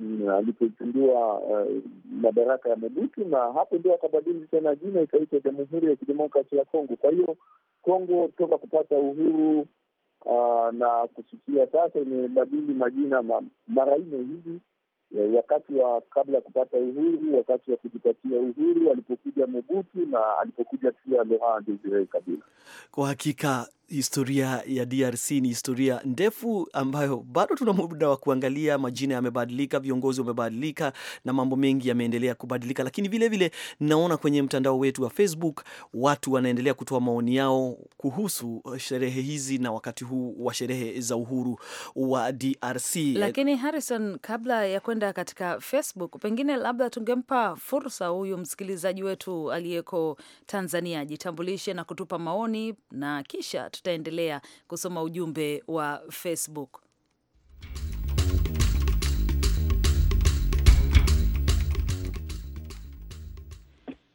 Mm, alipozindua uh, madaraka ya Mobutu, na hapo ndio akabadili tena jina ikaitwa Jamhuri ya Kidemokrasi ya Kongo. Kwa hiyo Kongo toka kupata uhuru uh, na kufikia sasa imebadili majina mara nne hivi eh, wakati wa kabla ya kupata uhuru, wakati wa kujipatia uhuru, alipokuja Mobutu na alipokuja pia Laurent Desire Kabila. Kwa hakika Historia ya DRC ni historia ndefu ambayo bado tuna muda wa kuangalia. Majina yamebadilika, viongozi wamebadilika, na mambo mengi yameendelea kubadilika, lakini vilevile vile, naona kwenye mtandao wetu wa Facebook watu wanaendelea kutoa maoni yao kuhusu uh, sherehe hizi na wakati huu wa sherehe za uhuru wa DRC. Lakini Harrison, kabla ya kwenda katika Facebook, pengine labda tungempa fursa huyu msikilizaji wetu aliyeko Tanzania ajitambulishe na kutupa maoni na kisha tutaendelea kusoma ujumbe wa Facebook.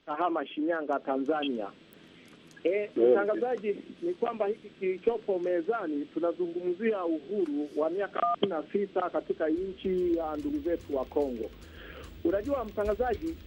Kahama, Shinyanga, Tanzania. E, mtangazaji, ni kwamba hiki kilichopo mezani tunazungumzia uhuru wa miaka hamsini na sita katika nchi ya ndugu zetu wa Kongo. Unajua mtangazaji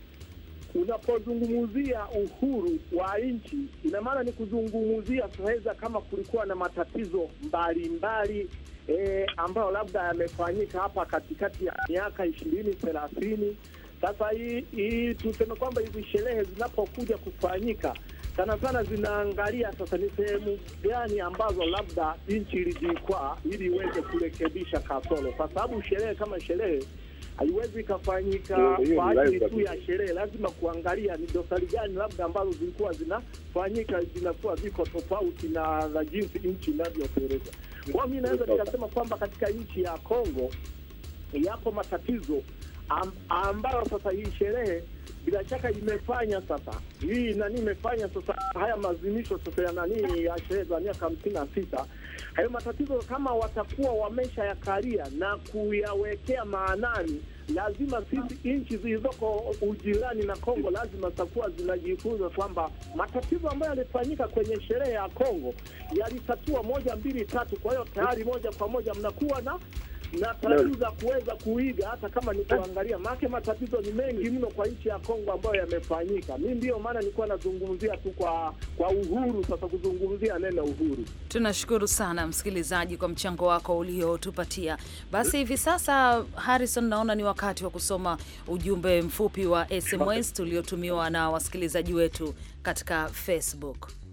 unapozungumzia uhuru wa nchi, ina maana ni kuzungumzia tunaweza kama kulikuwa na matatizo mbalimbali e, ambayo labda yamefanyika hapa katikati ya miaka ishirini thelathini. Sasa hii hii tuseme kwamba hizi sherehe zinapokuja kufanyika sana sana zinaangalia sasa ni sehemu gani ambazo labda nchi ilijikwaa ili iweze kurekebisha kasoro, kwa sababu sherehe kama sherehe haiwezi ikafanyika kwa ajili tu ya sherehe. Lazima kuangalia ni dosari gani labda ambazo zilikuwa zinafanyika zinakuwa ziko tofauti na za jinsi nchi inavyopereza. Kwa mi naweza nikasema kwamba katika nchi ya Kongo yapo matatizo ambayo sasa hii sherehe bila shaka imefanya sasa hii nani imefanya sasa haya maazimisho sasa ya nani ya sherehe za miaka hamsini na sita hayo matatizo kama watakuwa wamesha yakalia na kuyawekea maanani, lazima sisi nchi zilizoko ujirani na Kongo lazima zitakuwa zinajifunza kwamba matatizo ambayo yalifanyika kwenye sherehe ya Kongo yalitatua moja mbili tatu. Kwa hiyo tayari moja kwa moja mnakuwa na na taratibu za kuweza kuiga hata kama ni kuangalia, maake matatizo ni mengi mno kwa nchi ya Kongo ambayo yamefanyika. Mi ndiyo maana nilikuwa nazungumzia tu kwa kwa uhuru, sasa kuzungumzia neno uhuru. Tunashukuru sana msikilizaji kwa mchango wako uliotupatia. Basi hivi sasa, Harrison, naona ni wakati wa kusoma ujumbe mfupi wa SMS tuliotumiwa na wasikilizaji wetu katika Facebook.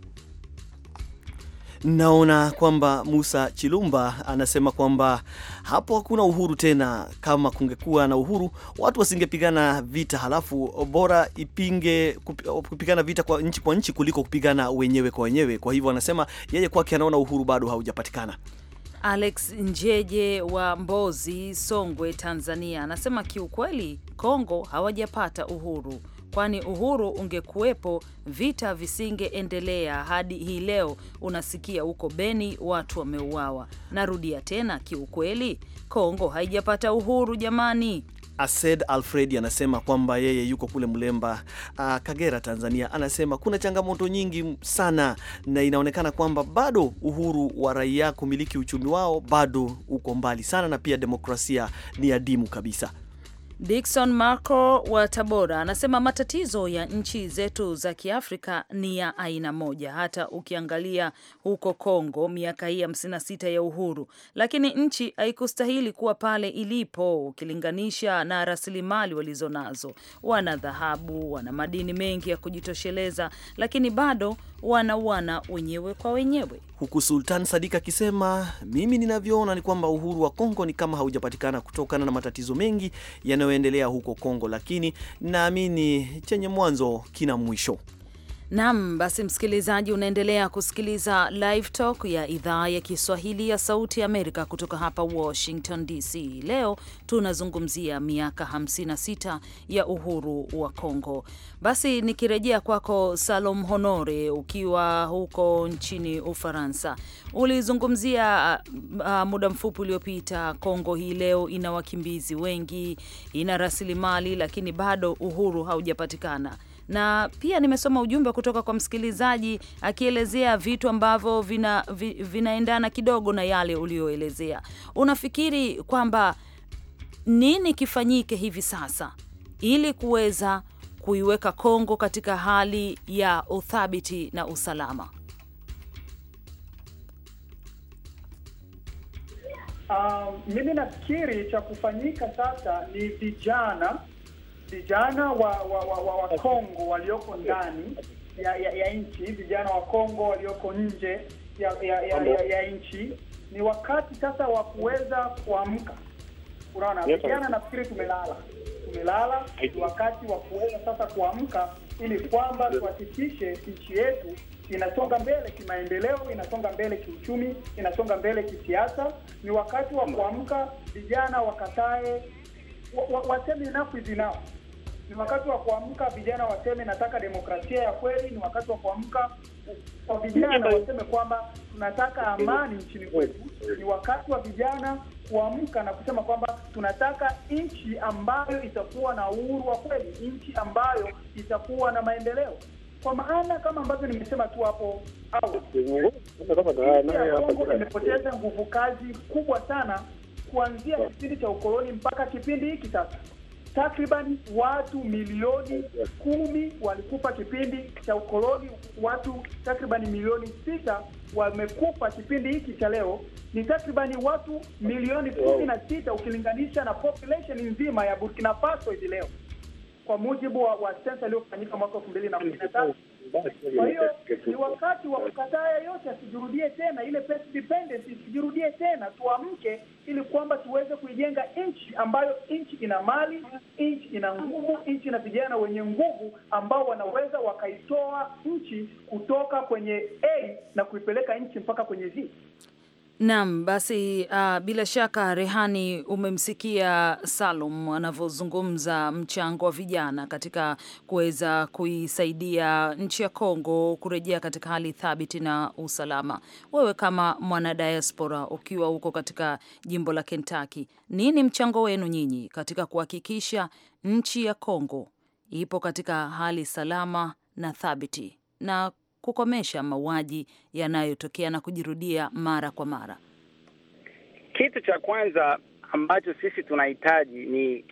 Naona kwamba Musa Chilumba anasema kwamba hapo hakuna uhuru tena. Kama kungekuwa na uhuru, watu wasingepigana vita, halafu bora ipinge kupigana vita kwa nchi kwa nchi kuliko kupigana wenyewe kwa wenyewe. Kwa hivyo anasema yeye kwake anaona uhuru bado haujapatikana. Alex Njeje wa Mbozi, Songwe, Tanzania anasema kiukweli Kongo hawajapata uhuru kwani uhuru ungekuwepo vita visingeendelea hadi hii leo. Unasikia huko Beni watu wameuawa. Narudia tena, kiukweli Kongo haijapata uhuru jamani. Ased Alfredi anasema kwamba yeye yuko kule Mlemba, uh, ah, Kagera, Tanzania. Anasema kuna changamoto nyingi sana, na inaonekana kwamba bado uhuru wa raia kumiliki uchumi wao bado uko mbali sana, na pia demokrasia ni adimu kabisa. Dickson Marco wa Tabora anasema matatizo ya nchi zetu za Kiafrika ni ya aina moja, hata ukiangalia huko Kongo miaka hii hamsini na sita ya uhuru, lakini nchi haikustahili kuwa pale ilipo ukilinganisha na rasilimali walizonazo. Wana dhahabu, wana madini mengi ya kujitosheleza, lakini bado wanauana wenyewe kwa wenyewe huku Sultan Sadik akisema mimi ninavyoona ni kwamba uhuru wa Kongo ni kama haujapatikana kutokana na matatizo mengi yanayoendelea huko Kongo, lakini naamini chenye mwanzo kina mwisho. Naam, basi msikilizaji, unaendelea kusikiliza Live Talk ya idhaa ya Kiswahili ya Sauti ya Amerika kutoka hapa Washington DC. Leo tunazungumzia miaka 56 ya uhuru wa Kongo. Basi nikirejea kwako Salom Honore, ukiwa huko nchini Ufaransa, ulizungumzia uh, uh, muda mfupi uliopita, Kongo hii leo ina wakimbizi wengi, ina rasilimali, lakini bado uhuru haujapatikana na pia nimesoma ujumbe kutoka kwa msikilizaji akielezea vitu ambavyo vina, vinaendana kidogo na yale uliyoelezea. Unafikiri kwamba nini kifanyike hivi sasa ili kuweza kuiweka Kongo katika hali ya uthabiti na usalama? Uh, mimi nafikiri cha kufanyika sasa ni vijana vijana wa wa, wa, wa, wa Kongo walioko ndani ya, ya, ya nchi, vijana wa Kongo walioko nje ya, ya, ya, ya, ya nchi. Ni wakati sasa wa kuweza kuamka. Unaona, vijana nafikiri tumelala, tumelala. Ni wakati wa kuweza sasa kuamka, ili kwamba tuhakikishe nchi yetu inasonga mbele kimaendeleo, inasonga mbele kiuchumi, inasonga mbele kisiasa. Ni wakati wa mm. kuamka, vijana wakatae, waseme enough is enough ni wakati wa kuamka, vijana waseme nataka demokrasia ya kweli. Ni wakati wa kuamka kwa vijana waseme kwamba tunataka amani nchini kwetu. Ni wakati wa vijana kuamka na kusema kwamba tunataka nchi ambayo itakuwa na uhuru wa kweli, nchi ambayo itakuwa na maendeleo, kwa maana kama ambavyo nimesema tu hapo au Kongo imepoteza nguvu kazi kubwa sana kuanzia kipindi cha ukoloni mpaka kipindi hiki sasa takriban watu milioni kumi walikufa kipindi cha ukoloni, watu takriban milioni sita wamekufa kipindi hiki cha leo. Ni takribani watu milioni kumi na sita ukilinganisha na population nzima ya Burkina Faso hivi leo, kwa mujibu wa sensa iliyofanyika mwaka elfu mbili na kumi na tatu kwa hiyo ni wakati wa kukataa yote asijirudie tena, ile pet dependency isijirudie tena, tuamke ili kwamba tuweze kuijenga nchi ambayo nchi ina mali, nchi ina nguvu, nchi ina vijana wenye nguvu ambao wanaweza wakaitoa nchi kutoka kwenye A na kuipeleka nchi mpaka kwenye Z. Naam, basi uh, bila shaka Rehani, umemsikia Salum anavyozungumza mchango wa vijana katika kuweza kuisaidia nchi ya Kongo kurejea katika hali thabiti na usalama. Wewe kama mwana diaspora ukiwa huko katika jimbo la Kentucky, nini mchango wenu nyinyi katika kuhakikisha nchi ya Kongo ipo katika hali salama na thabiti na kukomesha mauaji yanayotokea na kujirudia mara kwa mara? Kitu cha kwanza ambacho sisi tunahitaji ni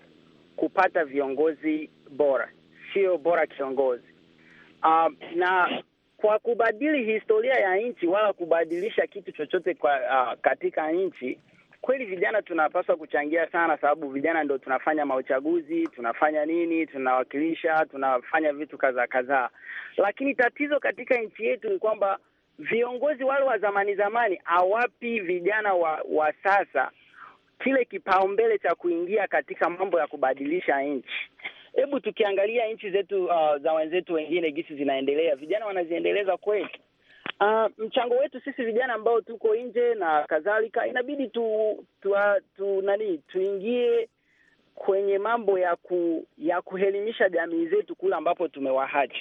kupata viongozi bora, sio bora kiongozi. Uh, na kwa kubadili historia ya nchi wala kubadilisha kitu chochote kwa, uh, katika nchi Kweli vijana tunapaswa kuchangia sana, sababu vijana ndo tunafanya mauchaguzi, tunafanya nini, tunawakilisha, tunafanya vitu kadhaa kadhaa, lakini tatizo katika nchi yetu ni kwamba viongozi wale wa zamani zamani hawapi vijana wa, wa sasa kile kipaumbele cha kuingia katika mambo ya kubadilisha nchi. Hebu tukiangalia nchi zetu uh, za wenzetu wengine, gisi zinaendelea, vijana wanaziendeleza kweli? Uh, mchango wetu sisi vijana ambao tuko nje na kadhalika, inabidi tu, tu, tu nani tuingie kwenye mambo ya ku, ya kuelimisha jamii zetu kule ambapo tumewahaja,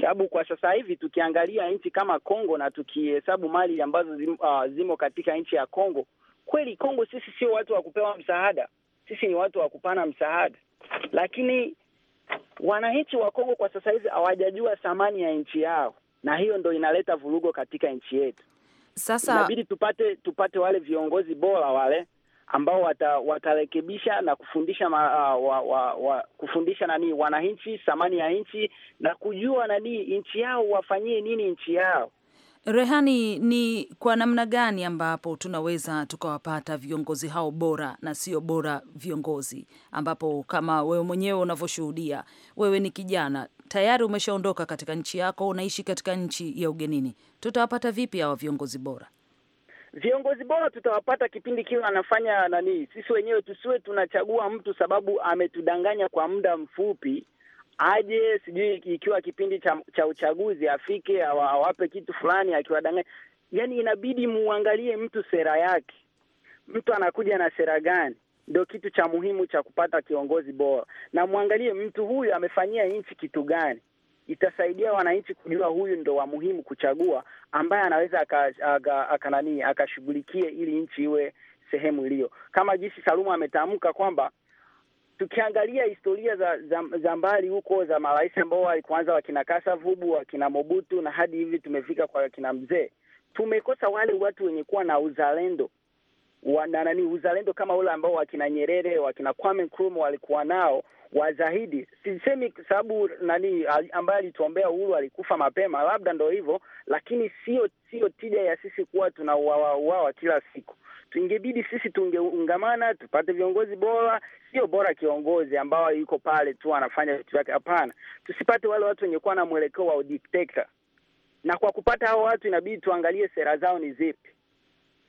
sababu kwa sasa hivi tukiangalia nchi kama Kongo na tukihesabu mali ambazo zimo, uh, ah, zimo katika nchi ya Kongo, kweli Kongo sisi sio watu wa kupewa msaada, sisi ni watu wa kupana msaada, lakini wananchi wa Kongo kwa sasa hivi hawajajua thamani ya nchi yao na hiyo ndo inaleta vurugo katika nchi yetu. Sasa inabidi tupate tupate wale viongozi bora wale ambao wata, watarekebisha na kufundisha ma, uh, wa, wa, wa, kufundisha nani wananchi thamani ya nchi na kujua nani nchi yao wafanyie nini nchi yao. Rehani, ni kwa namna gani ambapo tunaweza tukawapata viongozi hao bora na sio bora viongozi, ambapo kama wewe mwenyewe unavyoshuhudia, wewe ni kijana tayari umeshaondoka katika nchi yako, unaishi katika nchi ya ugenini, tutawapata vipi hawa viongozi bora? Viongozi bora tutawapata kipindi kile anafanya nani. Sisi wenyewe tusiwe tunachagua mtu sababu ametudanganya kwa muda mfupi aje, sijui ikiwa kipindi cha, cha uchaguzi afike awape kitu fulani akiwadanganya. Yani inabidi muangalie mtu sera yake, mtu anakuja na sera gani ndio kitu cha muhimu cha kupata kiongozi bora, na mwangalie mtu huyu amefanyia nchi kitu gani. Itasaidia wananchi kujua huyu ndo wa muhimu kuchagua, ambaye anaweza aka akashughulikie ili nchi iwe sehemu iliyo kama jinsi Salumu ametamka kwamba tukiangalia historia za, za, za mbali huko za marais ambao walikuanza wakina Kasavubu wakina Mobutu na hadi hivi tumefika kwa wakina mzee, tumekosa wale watu wenye kuwa na uzalendo wana nani uzalendo kama ule ambao wakina Nyerere wakina Kwame Nkrumah walikuwa nao wazahidi. Sisemi sababu nani ambaye alituombea uhuru alikufa mapema, labda ndo hivyo, lakini sio sio tija ya sisi kuwa tunauawa uawa kila siku. Tungebidi sisi tungeungamana, tupate viongozi bora, sio bora kiongozi ambao yuko pale tu anafanya vitu vyake. Hapana, tusipate wale watu wenye kuwa na mwelekeo wa udikteta, na kwa kupata hao watu inabidi tuangalie sera zao ni zipi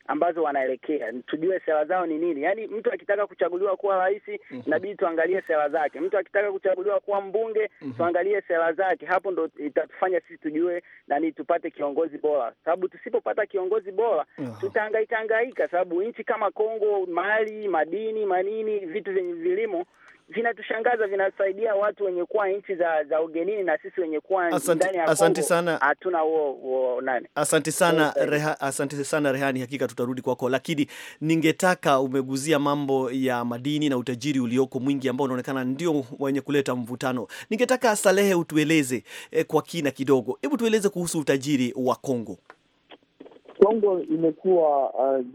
ambazo wanaelekea, tujue sera zao ni nini. Yaani mtu akitaka kuchaguliwa kuwa rais mm -hmm. inabidi tuangalie sera zake. Mtu akitaka kuchaguliwa kuwa mbunge mm -hmm. tuangalie sera zake. Hapo ndo itatufanya sisi tujue nani, tupate kiongozi bora, sababu tusipopata kiongozi bora uh ah. -huh. tutahangaika hangaika, sababu nchi kama Kongo, mali, madini, manini, vitu vyenye vilimo vinatushangaza, vinasaidia watu wenye kuwa nchi za za ugenini na sisi wenye kuwa ndani ya asante sana, hatuna huo nani. Asante sana Reha, asante sana Rehani, hakika tutarudi kwako, lakini ningetaka umeguzia mambo ya madini na utajiri ulioko mwingi ambao unaonekana ndio wenye kuleta mvutano. Ningetaka Salehe utueleze eh, kwa kina kidogo, hebu tueleze kuhusu utajiri wa Kongo. Kongo imekuwa uh,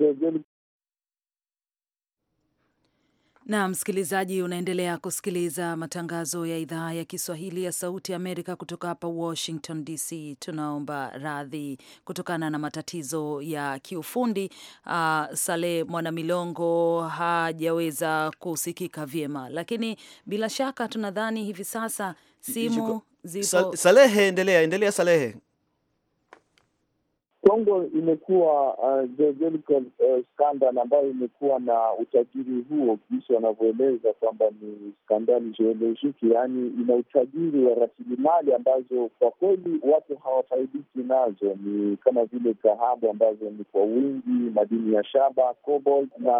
na msikilizaji, unaendelea kusikiliza matangazo ya idhaa ya Kiswahili ya Sauti ya Amerika kutoka hapa Washington DC. Tunaomba radhi kutokana na matatizo ya kiufundi. Uh, ah, Saleh Mwanamilongo hajaweza kusikika vyema, lakini bila shaka tunadhani hivi sasa simu ziko. Salehe, endelea endelea Salehe. Kongo imekuwa uh, uh, scandal ambayo imekuwa na utajiri huo, jinsi wanavyoeleza kwamba ni skandali jeolojiki, yaani ina utajiri wa rasilimali ambazo kwa kweli watu hawafaidiki nazo, ni kama vile dhahabu ambazo ni kwa wingi, madini ya shaba, cobalt na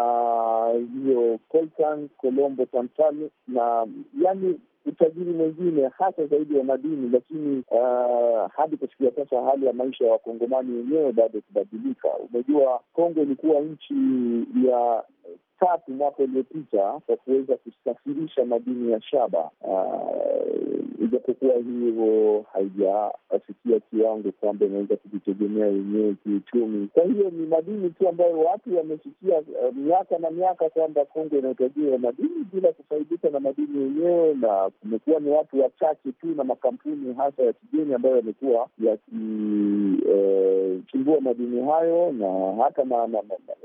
hiyo coltan, colombo, tantal na yani utajiri mwingine hasa zaidi ya madini, lakini uh, hadi kufikia sasa hali ya maisha ya wakongomani wenyewe bado kubadilika. Umejua Kongo ilikuwa nchi ya tatu mwaka uliopita kwa kuweza kusafirisha madini ya shaba, ah, ijapokuwa hivyo haijafikia kiwango kwamba inaweza kujitegemea wenyewe kiuchumi. Kwa hiyo ni madini tu ambayo watu wamefikia eh, miaka na miaka kwamba Kongo ina madini bila kufaidika na madini yenyewe, na kumekuwa ni watu wachache tu na makampuni hasa ya kigeni ambayo yamekuwa yakichimbua eh, madini hayo, na hata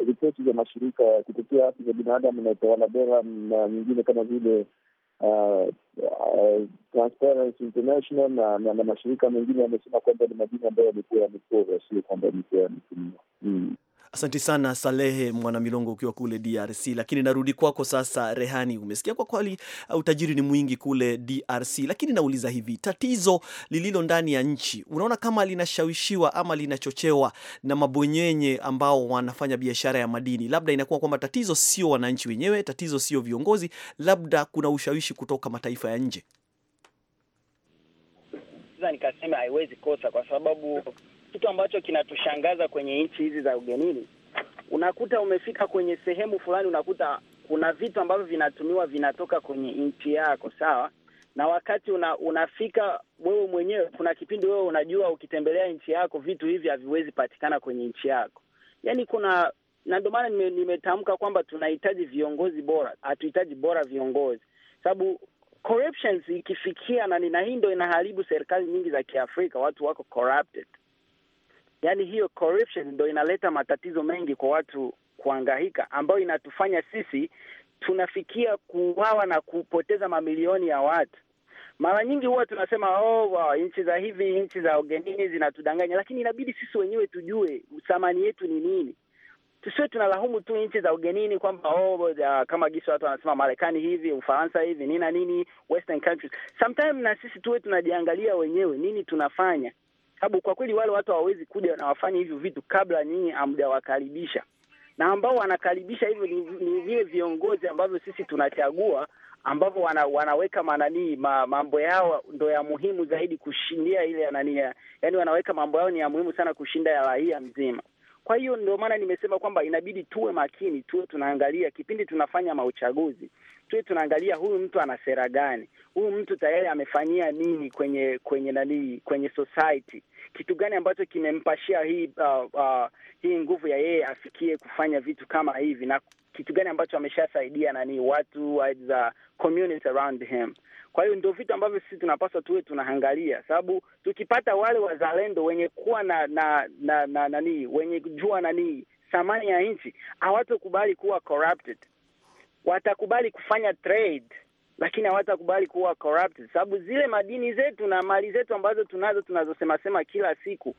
ripoti za mashirika ya kutokea haki za binadamu na utawala bora na nyingine kama vile uh, uh, Transparency International na mashirika mengine yamesema kwamba ni majina ambayo yamekuwa yamekuwa, sio kwamba yamekuwa yametumiwa. Hmm. Asante sana Salehe Mwanamilongo ukiwa kule DRC. Lakini narudi kwako sasa, Rehani, umesikia kwa kweli uh, utajiri ni mwingi kule DRC, lakini nauliza hivi, tatizo lililo ndani ya nchi unaona kama linashawishiwa ama linachochewa na mabonyenye ambao wanafanya biashara ya madini? Labda inakuwa kwamba tatizo sio wananchi wenyewe, tatizo sio viongozi, labda kuna ushawishi kutoka mataifa ya nje. Nikasema haiwezi kosa kwa sababu kitu ambacho kinatushangaza kwenye nchi hizi za ugenini, unakuta umefika kwenye sehemu fulani, unakuta kuna vitu ambavyo vinatumiwa vinatoka kwenye nchi yako, sawa na wakati una, unafika wewe mwenyewe, kuna kipindi wewe unajua ukitembelea nchi yako vitu hivi haviwezi patikana kwenye nchi yako, Yani kuna na ndio maana nimetamka nime kwamba tunahitaji viongozi bora, hatuhitaji bora viongozi, sababu corruptions ikifikia nani, na hii ndo inaharibu serikali nyingi za Kiafrika, watu wako corrupted. Yani hiyo corruption ndo inaleta matatizo mengi kwa watu kuangaika, ambayo inatufanya sisi tunafikia kuuawa na kupoteza mamilioni ya watu. Mara nyingi huwa tunasema oh, wow, nchi za hivi nchi za ugenini zinatudanganya, lakini inabidi sisi wenyewe tujue thamani yetu ni nini. Tusiwe tunalaumu tu nchi za ugenini kwamba oh, uh, kama gisi watu wanasema Marekani hivi, Ufaransa hivi, nina nini, western countries. Sometimes na sisi tuwe tunajiangalia wenyewe nini tunafanya sababu kwa kweli wale watu hawawezi kuja na wafanye hivyo vitu kabla nyinyi hamjawakaribisha, na ambao wanakaribisha hivyo ni, vile viongozi ambavyo sisi tunachagua ambavyo wana, wanaweka manani ma, mambo yao ndo ya muhimu zaidi kushindia ile ya nani, wanaweka mambo yao ni ya muhimu sana kushinda ya raia mzima. Kwa hiyo ndio maana nimesema kwamba inabidi tuwe makini, tuwe tunaangalia kipindi tunafanya mauchaguzi, tuwe tunaangalia huyu mtu ana sera gani, huyu mtu tayari amefanyia nini kwenye kwenye nanii kwenye society, kitu gani ambacho kimempashia hii uh, uh, hii nguvu ya yeye afikie kufanya vitu kama hivi, na kitu gani ambacho ameshasaidia nanii watu za community around him. Kwa hiyo ndio vitu ambavyo sisi tunapaswa tuwe tunaangalia, sababu tukipata wale wazalendo wenye kuwa na na na na na, wenye jua nanii thamani ya nchi hawatokubali kuwa corrupted watakubali kufanya trade, lakini hawatakubali kuwa corrupt, sababu zile madini zetu na mali zetu ambazo tunazo tunazosemasema kila siku,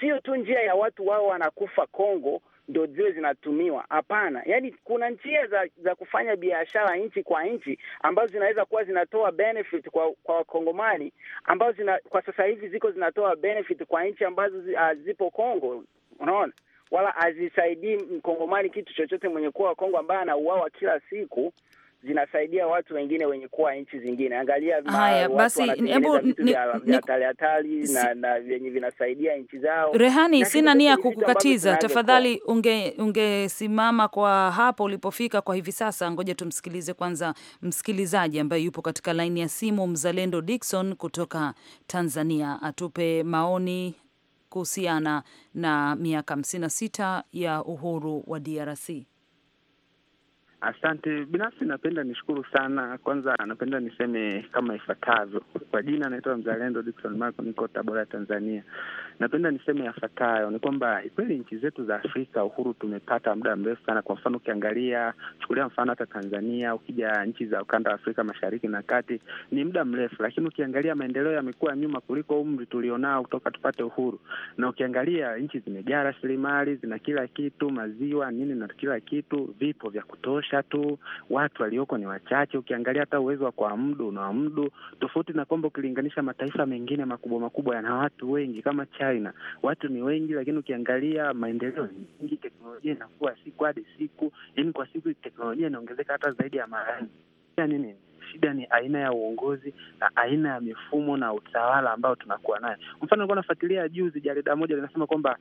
sio tu njia ya watu wao wanakufa Kongo ndo ziwe zinatumiwa. Hapana, yani kuna njia za za kufanya biashara nchi kwa nchi ambazo zinaweza kuwa zinatoa benefit kwa kwa Wakongomani, ambazo zina, kwa sasa hivi ziko zinatoa benefit kwa nchi ambazo zi, uh, zipo Kongo. Unaona, wala hazisaidii mkongomani kitu chochote, mwenye kuwa Kongo ambaye anauawa kila siku zinasaidia watu wengine wenye kuwa nchi zingine. Angalia haya basi, hebu hatali na na vyenye vinasaidia nchi zao. Rehani, sina nia ya kukukatiza, tafadhali ungesimama unge kwa hapo ulipofika kwa hivi sasa. Ngoja tumsikilize kwanza msikilizaji ambaye yupo katika laini ya simu, mzalendo Dickson kutoka Tanzania, atupe maoni kuhusiana na miaka 56 ya uhuru wa DRC. Asante. Binafsi napenda nishukuru sana. Kwanza napenda niseme kama ifuatavyo. Kwa jina naitwa Mzalendo Dickson Marco, niko Tabora, Tanzania. Napenda niseme yafuatayo ni kwamba kweli nchi zetu za Afrika uhuru tumepata muda mrefu sana. Kwa mfano, ukiangalia, chukulia mfano hata Tanzania, ukija nchi za ukanda wa Afrika Mashariki na Kati ni muda mrefu, lakini ukiangalia maendeleo yamekuwa nyuma kuliko umri tulionao kutoka tupate uhuru. Na ukiangalia nchi zimejaa rasilimali, zina kila kitu, maziwa nini na kila kitu, vipo vya kutosha tu watu walioko ni wachache. Ukiangalia hata uwezo wa kwa na mdu tofauti na kwamba ukilinganisha mataifa mengine makubwa makubwa yana watu wengi kama China, watu ni wengi, lakini ukiangalia maendeleo ni mengi, teknolojia inakuwa siku hadi siku, yani kwa siku teknolojia inaongezeka hata zaidi ya mara nne. Nini Shida ni aina ya uongozi na aina ya mifumo na utawala ambao tunakuwa naye. Mfano, nilikuwa nafuatilia juzi jarida moja linasema kwamba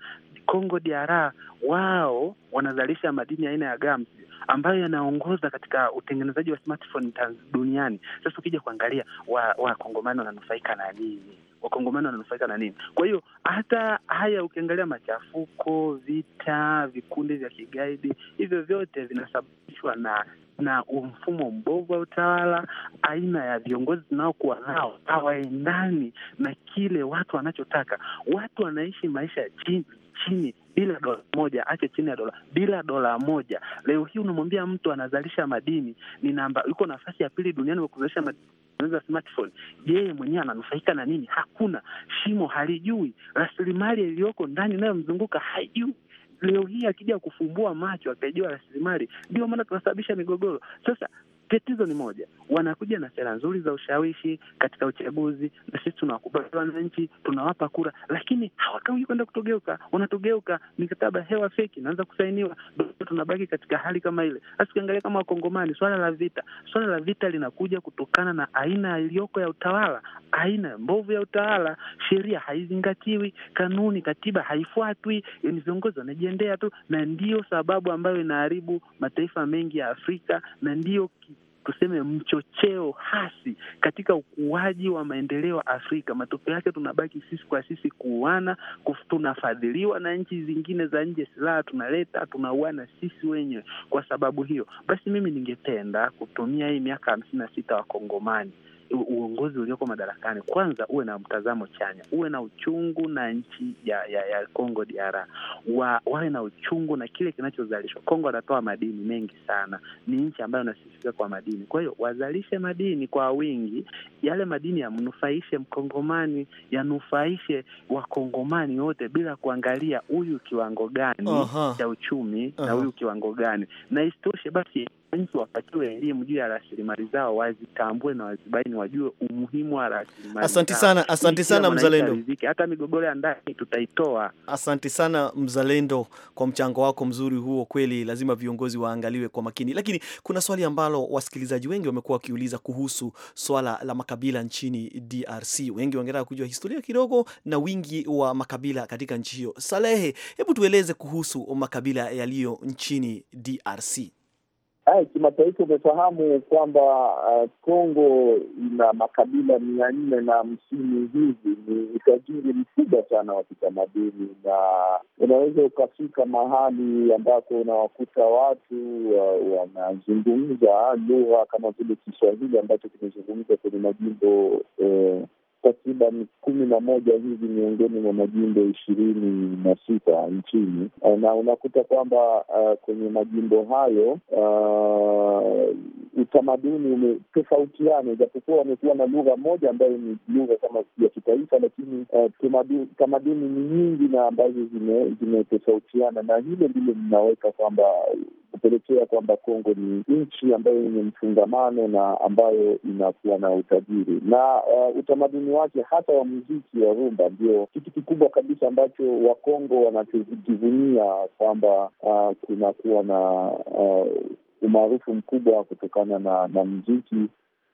Kongo DR wao wanazalisha madini aina ya gamsi ambayo yanaongoza katika utengenezaji wa smartphone duniani. Sasa ukija kuangalia wakongomani wa wananufaika na nini? Wakongomani wananufaika na nini? Kwa hiyo hata haya ukiangalia machafuko, vita, vikundi vya kigaidi, hivyo vyote vinasababishwa na na mfumo mbovu wa utawala, aina ya viongozi tunaokuwa nao hawaendani na kile watu wanachotaka. Watu wanaishi maisha ya chini chini bila dola moja, ache chini ya dola bila dola moja. Leo hii unamwambia mtu anazalisha madini ni namba, yuko nafasi ya pili duniani kwa kuzalisha madini smartphone. mwenyewe ananufaika na nini? Hakuna. Shimo halijui, rasilimali iliyoko ndani inayomzunguka haijui leo hii akija kufumbua macho akajua rasilimali, ndio maana tunasababisha migogoro. Sasa Tatizo ni moja, wanakuja na sera nzuri za ushawishi katika uchaguzi, na sisi tunawakubali wananchi, tunawapa kura, lakini hawakawi kwenda kutogeuka. Wanatogeuka, mikataba hewa feki inaanza kusainiwa, tunabaki katika hali kama ile. Hasa ukiangalia kama Wakongomani, swala la vita, swala la vita linakuja kutokana na aina iliyoko ya utawala, aina mbovu ya utawala. Sheria haizingatiwi, kanuni, katiba haifuatwi, ni viongozi wanajiendea tu, na ndiyo sababu ambayo inaharibu mataifa mengi ya Afrika na ndiyo tuseme mchocheo hasi katika ukuaji wa maendeleo ya Afrika. Matokeo yake tunabaki sisi kwa sisi kuuana, tunafadhiliwa na nchi zingine za nje, silaha tunaleta, tunauana sisi wenyewe. Kwa sababu hiyo basi, mimi ningependa kutumia hii miaka hamsini na sita Wakongomani uongozi ulioko madarakani, kwanza uwe na mtazamo chanya, uwe na uchungu na nchi ya ya, ya Congo DR, wa, wawe na uchungu na kile kinachozalishwa Kongo. Anatoa madini mengi sana, ni nchi ambayo inasifika kwa madini. Kwa hiyo wazalishe madini kwa wingi, yale madini yamnufaishe Mkongomani, yanufaishe Wakongomani wote bila kuangalia huyu kiwango gani cha uchumi na huyu kiwango gani, na isitoshe basi wananchi wapatiwe elimu juu ya rasilimali zao, wazitambue na wazibaini, wajue umuhimu wa rasilimali. Asanti sana, asanti sana mzalendo. Hata migogoro ya ndani tutaitoa. Asanti sana mzalendo kwa mchango wako mzuri huo. Kweli lazima viongozi waangaliwe kwa makini, lakini kuna swali ambalo wasikilizaji wengi wamekuwa wakiuliza kuhusu swala la makabila nchini DRC. Wengi wangetaka kujua historia kidogo na wingi wa makabila katika nchi hiyo. Salehe, hebu tueleze kuhusu makabila yaliyo nchini DRC. Eh, kimataifa umefahamu kwamba eh, Kongo uh, ina makabila mia nne na hamsini hivi. Ni utajiri mkubwa sana wa kitamaduni, na unaweza ukafika mahali ambako unawakuta watu uh, wanazungumza lugha kama vile Kiswahili ambacho kimezungumza kwenye majimbo eh, takriban kumi na moja hivi miongoni mwa majimbo ishirini na sita nchini, eh, na unakuta kwamba uh, kwenye majimbo hayo uh, utamaduni umetofautiana, ijapokuwa wamekuwa na lugha moja ambayo ni lugha kama ya kitaifa, lakini uh, tamaduni ni nyingi na ambazo zimetofautiana, na hilo ndilo linaweka kwamba kupelekea kwamba Kongo ni nchi ambayo yenye mfungamano na ambayo inakuwa na utajiri na uh, utamaduni wake hata wa muziki wa rumba ndio kitu kikubwa kabisa ambacho Wakongo wanachojivunia kwamba uh, kunakuwa na uh, umaarufu mkubwa kutokana na, na muziki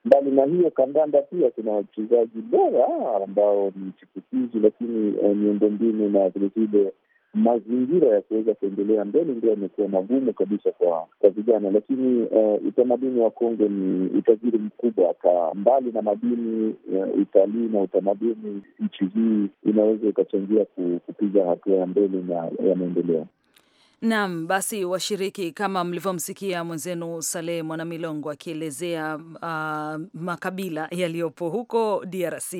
mbali na hiyo kandanda pia kuna wachezaji bora ambao ni chipukizi, lakini uh, miundo mbinu na vilevile mazingira ya kuweza kuendelea mbele ndio yamekuwa magumu kabisa kwa kwa vijana, lakini uh, utamaduni wa Kongo ni utajiri mkubwa ka mbali na madini uh, utalii na utamaduni, nchi hii inaweza ikachangia kupiga hatua ya mbele na ya maendeleo. Naam, basi washiriki, kama mlivyomsikia mwenzenu Saleh Mwanamilongo akielezea uh, makabila yaliyopo huko DRC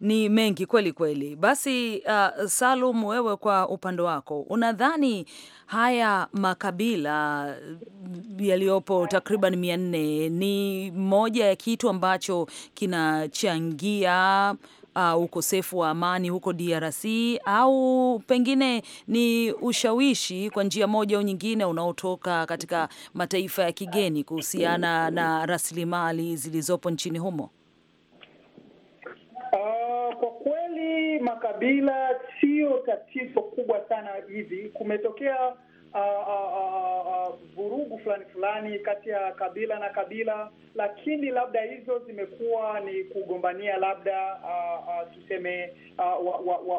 ni mengi kweli kweli. Basi uh, Salum, wewe kwa upande wako unadhani haya makabila yaliyopo takriban mia nne ni moja ya kitu ambacho kinachangia uh, ukosefu wa amani huko DRC au pengine ni ushawishi kwa njia moja au nyingine unaotoka katika mataifa ya kigeni kuhusiana na rasilimali zilizopo nchini humo? Uh, kwa kweli makabila sio tatizo kubwa sana hivi. Kumetokea vurugu fulani fulani kati ya kabila na kabila, lakini labda hizo zimekuwa ni kugombania, labda tuseme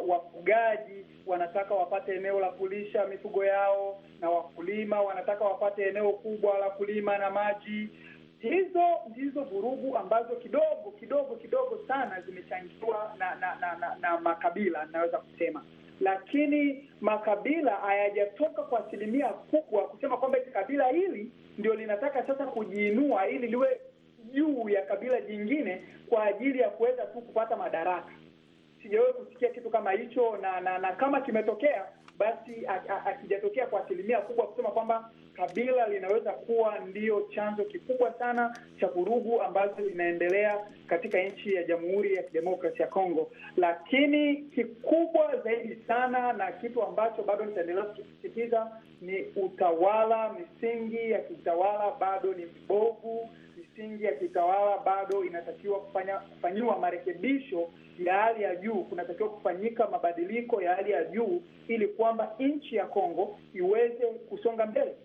wafugaji wanataka wapate eneo la kulisha mifugo yao na wakulima wanataka wapate eneo kubwa la kulima na maji. Hizo ndizo vurugu ambazo kidogo kidogo kidogo sana zimechangiwa na, na, na, na, na makabila naweza kusema lakini makabila hayajatoka kwa asilimia kubwa kusema kwamba kabila hili ndio linataka sasa kujiinua ili liwe juu ya kabila jingine kwa ajili ya kuweza tu kupata madaraka. Sijawahi kusikia kitu kama hicho, na na, na kama kimetokea basi akijatokea kwa asilimia kubwa kusema kwamba kabila linaweza kuwa ndio chanzo kikubwa sana cha vurugu ambazo zinaendelea katika nchi ya Jamhuri ya Kidemokrasia ya Kongo. Lakini kikubwa zaidi sana na kitu ambacho bado nitaendelea kukisisitiza ni utawala. Misingi ya kiutawala bado ni mbovu misingi ya kiutawala bado inatakiwa kufanya kufanyiwa marekebisho ya hali ya juu. Kunatakiwa kufanyika mabadiliko ya hali ya juu ili kwamba nchi ya Kongo iweze kusonga mbele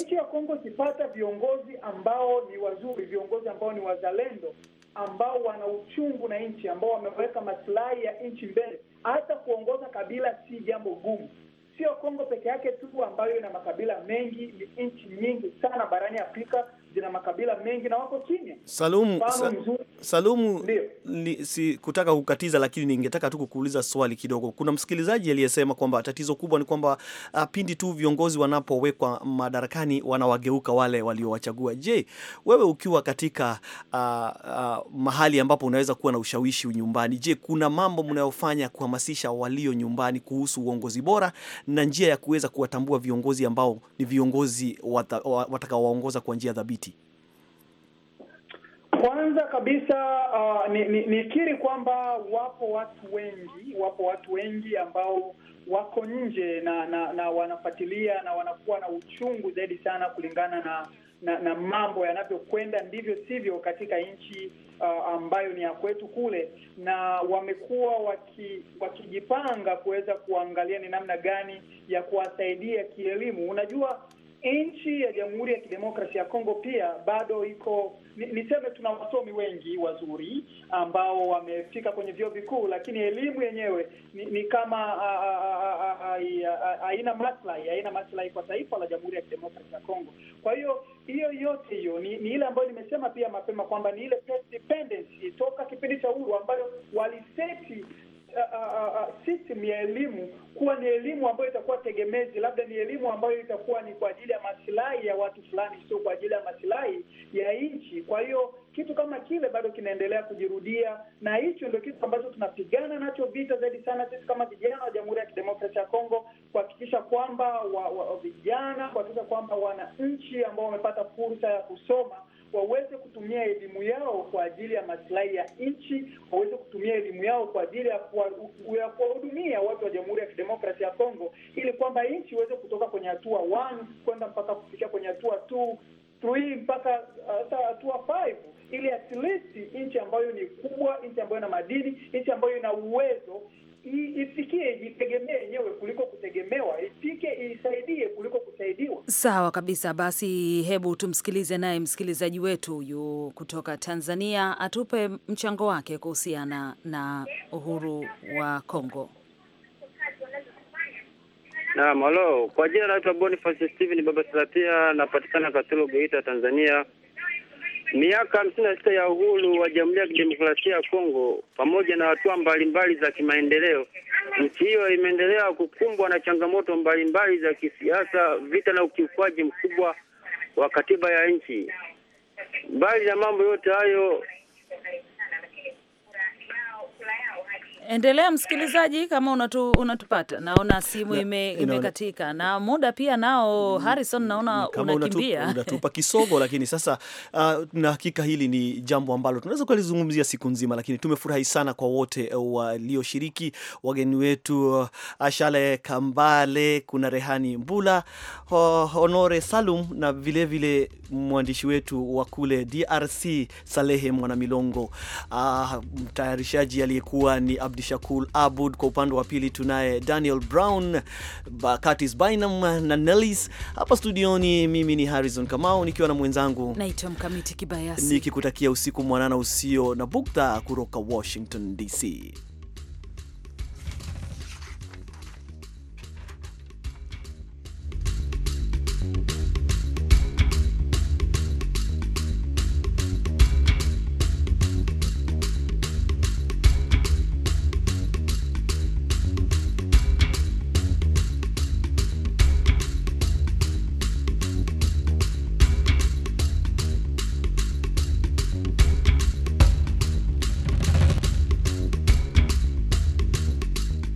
nchi ya Kongo ikipata viongozi ambao ni wazuri, viongozi ambao ni wazalendo, ambao wana uchungu na nchi, ambao wameweka maslahi ya nchi mbele, hata kuongoza kabila si jambo gumu. Sio Kongo peke yake tu ambayo ina makabila mengi, ni nchi nyingi sana barani Afrika zina makabila mengi na wako kimya. Salum, mfano mzuri Salumu ni, si kutaka kukatiza, lakini ningetaka tu kukuuliza swali kidogo. Kuna msikilizaji aliyesema kwamba tatizo kubwa ni kwamba ah, pindi tu viongozi wanapowekwa madarakani wanawageuka wale waliowachagua. Je, wewe ukiwa katika uh, uh, mahali ambapo unaweza kuwa na ushawishi nyumbani, je, kuna mambo mnayofanya kuhamasisha walio nyumbani kuhusu uongozi bora na njia ya kuweza kuwatambua viongozi ambao ni viongozi watakaowaongoza kwa njia dhabiti? Kwanza kabisa uh, nikiri ni, ni kwamba wapo watu wengi, wapo watu wengi ambao wako nje na na, na wanafuatilia na wanakuwa na uchungu zaidi sana kulingana na na, na mambo yanavyokwenda ndivyo sivyo katika nchi uh, ambayo ni ya kwetu kule, na wamekuwa waki, wakijipanga kuweza kuangalia ni namna gani ya kuwasaidia kielimu. Unajua, nchi ya Jamhuri ya Kidemokrasia ya Kongo pia bado iko niseme tuna wasomi wengi wazuri ambao wamefika kwenye vyuo vikuu, lakini elimu yenyewe ni, ni kama haina maslahi, haina maslahi kwa taifa la Jamhuri ya Kidemokrasia ya Kongo. Kwa hiyo hiyo yote hiyo ni, ni ile ambayo nimesema pia mapema kwamba ni ile dependency toka kipindi cha uhuru ambayo waliseti system ya elimu kuwa ni elimu ambayo itakuwa tegemezi, labda ni elimu ambayo itakuwa ni kwa ajili ya masilahi ya watu fulani, sio kwa ajili ya masilahi ya nchi. Kwa hiyo kitu kama kile bado kinaendelea kujirudia, na hicho ndio kitu ambacho tunapigana nacho vita zaidi sana sisi kama vijana wa Jamhuri ya Kidemokrasia ya Kongo, kuhakikisha kwamba wa, wa, vijana kuhakikisha kwamba wananchi ambao wamepata fursa ya kusoma waweze kutumia elimu yao kwa ajili ya maslahi ya nchi, waweze kutumia elimu yao kwa ajili ya kuwahudumia watu wa Jamhuri ya Kidemokrasia ya Kongo, ili kwamba nchi iweze kutoka kwenye hatua one kwenda mpaka kufikia kwenye hatua two three mpaka uh, hatua five ili at least nchi ambayo ni kubwa, nchi ambayo ina madini, nchi ambayo ina uwezo ifikie jitegemee yenyewe kuliko kutegemewa, ifike kuliko kusaidiwa. Sawa kabisa. Basi hebu tumsikilize naye msikilizaji wetu huyu kutoka Tanzania atupe mchango wake kuhusiana na uhuru wa Kongo. Naam, halo, kwa jina naitwa Boniface Steven Baba Salatia, napatikana Katulo, Geita, Tanzania. Miaka hamsini na sita ya uhuru wa Jamhuri ya Kidemokrasia ya Kongo, pamoja na hatua mbalimbali za kimaendeleo, nchi hiyo imeendelea kukumbwa na changamoto mbalimbali za kisiasa, vita na ukiukwaji mkubwa wa katiba ya nchi. Mbali na mambo yote hayo, Endelea msikilizaji, kama unatu, unatupata. Naona simu ime, imekatika na muda pia nao. Mm, Harrison, naona unakimbia, unatu, unatupa <laughs> kisogo lakini sasa uh, na hakika hili ni jambo ambalo tunaweza kulizungumzia siku nzima, lakini tumefurahi sana kwa wote eh, walioshiriki, wageni wetu uh, Ashale Kambale, kuna Rehani Mbula, uh, Honore Salum na vilevile mwandishi wetu wa kule DRC Salehe Mwanamilongo, uh, mtayarishaji aliyekuwa ni Abdi Abdishakur Abud. Kwa upande wa pili tunaye Daniel Brown, Curtis Bynum na Nellis. Hapa studioni mimi ni Harrison Kamau nikiwa na mwenzangu naitwa Mkamiti Kibayasi nikikutakia usiku mwanana usio na bukta kutoka Washington DC.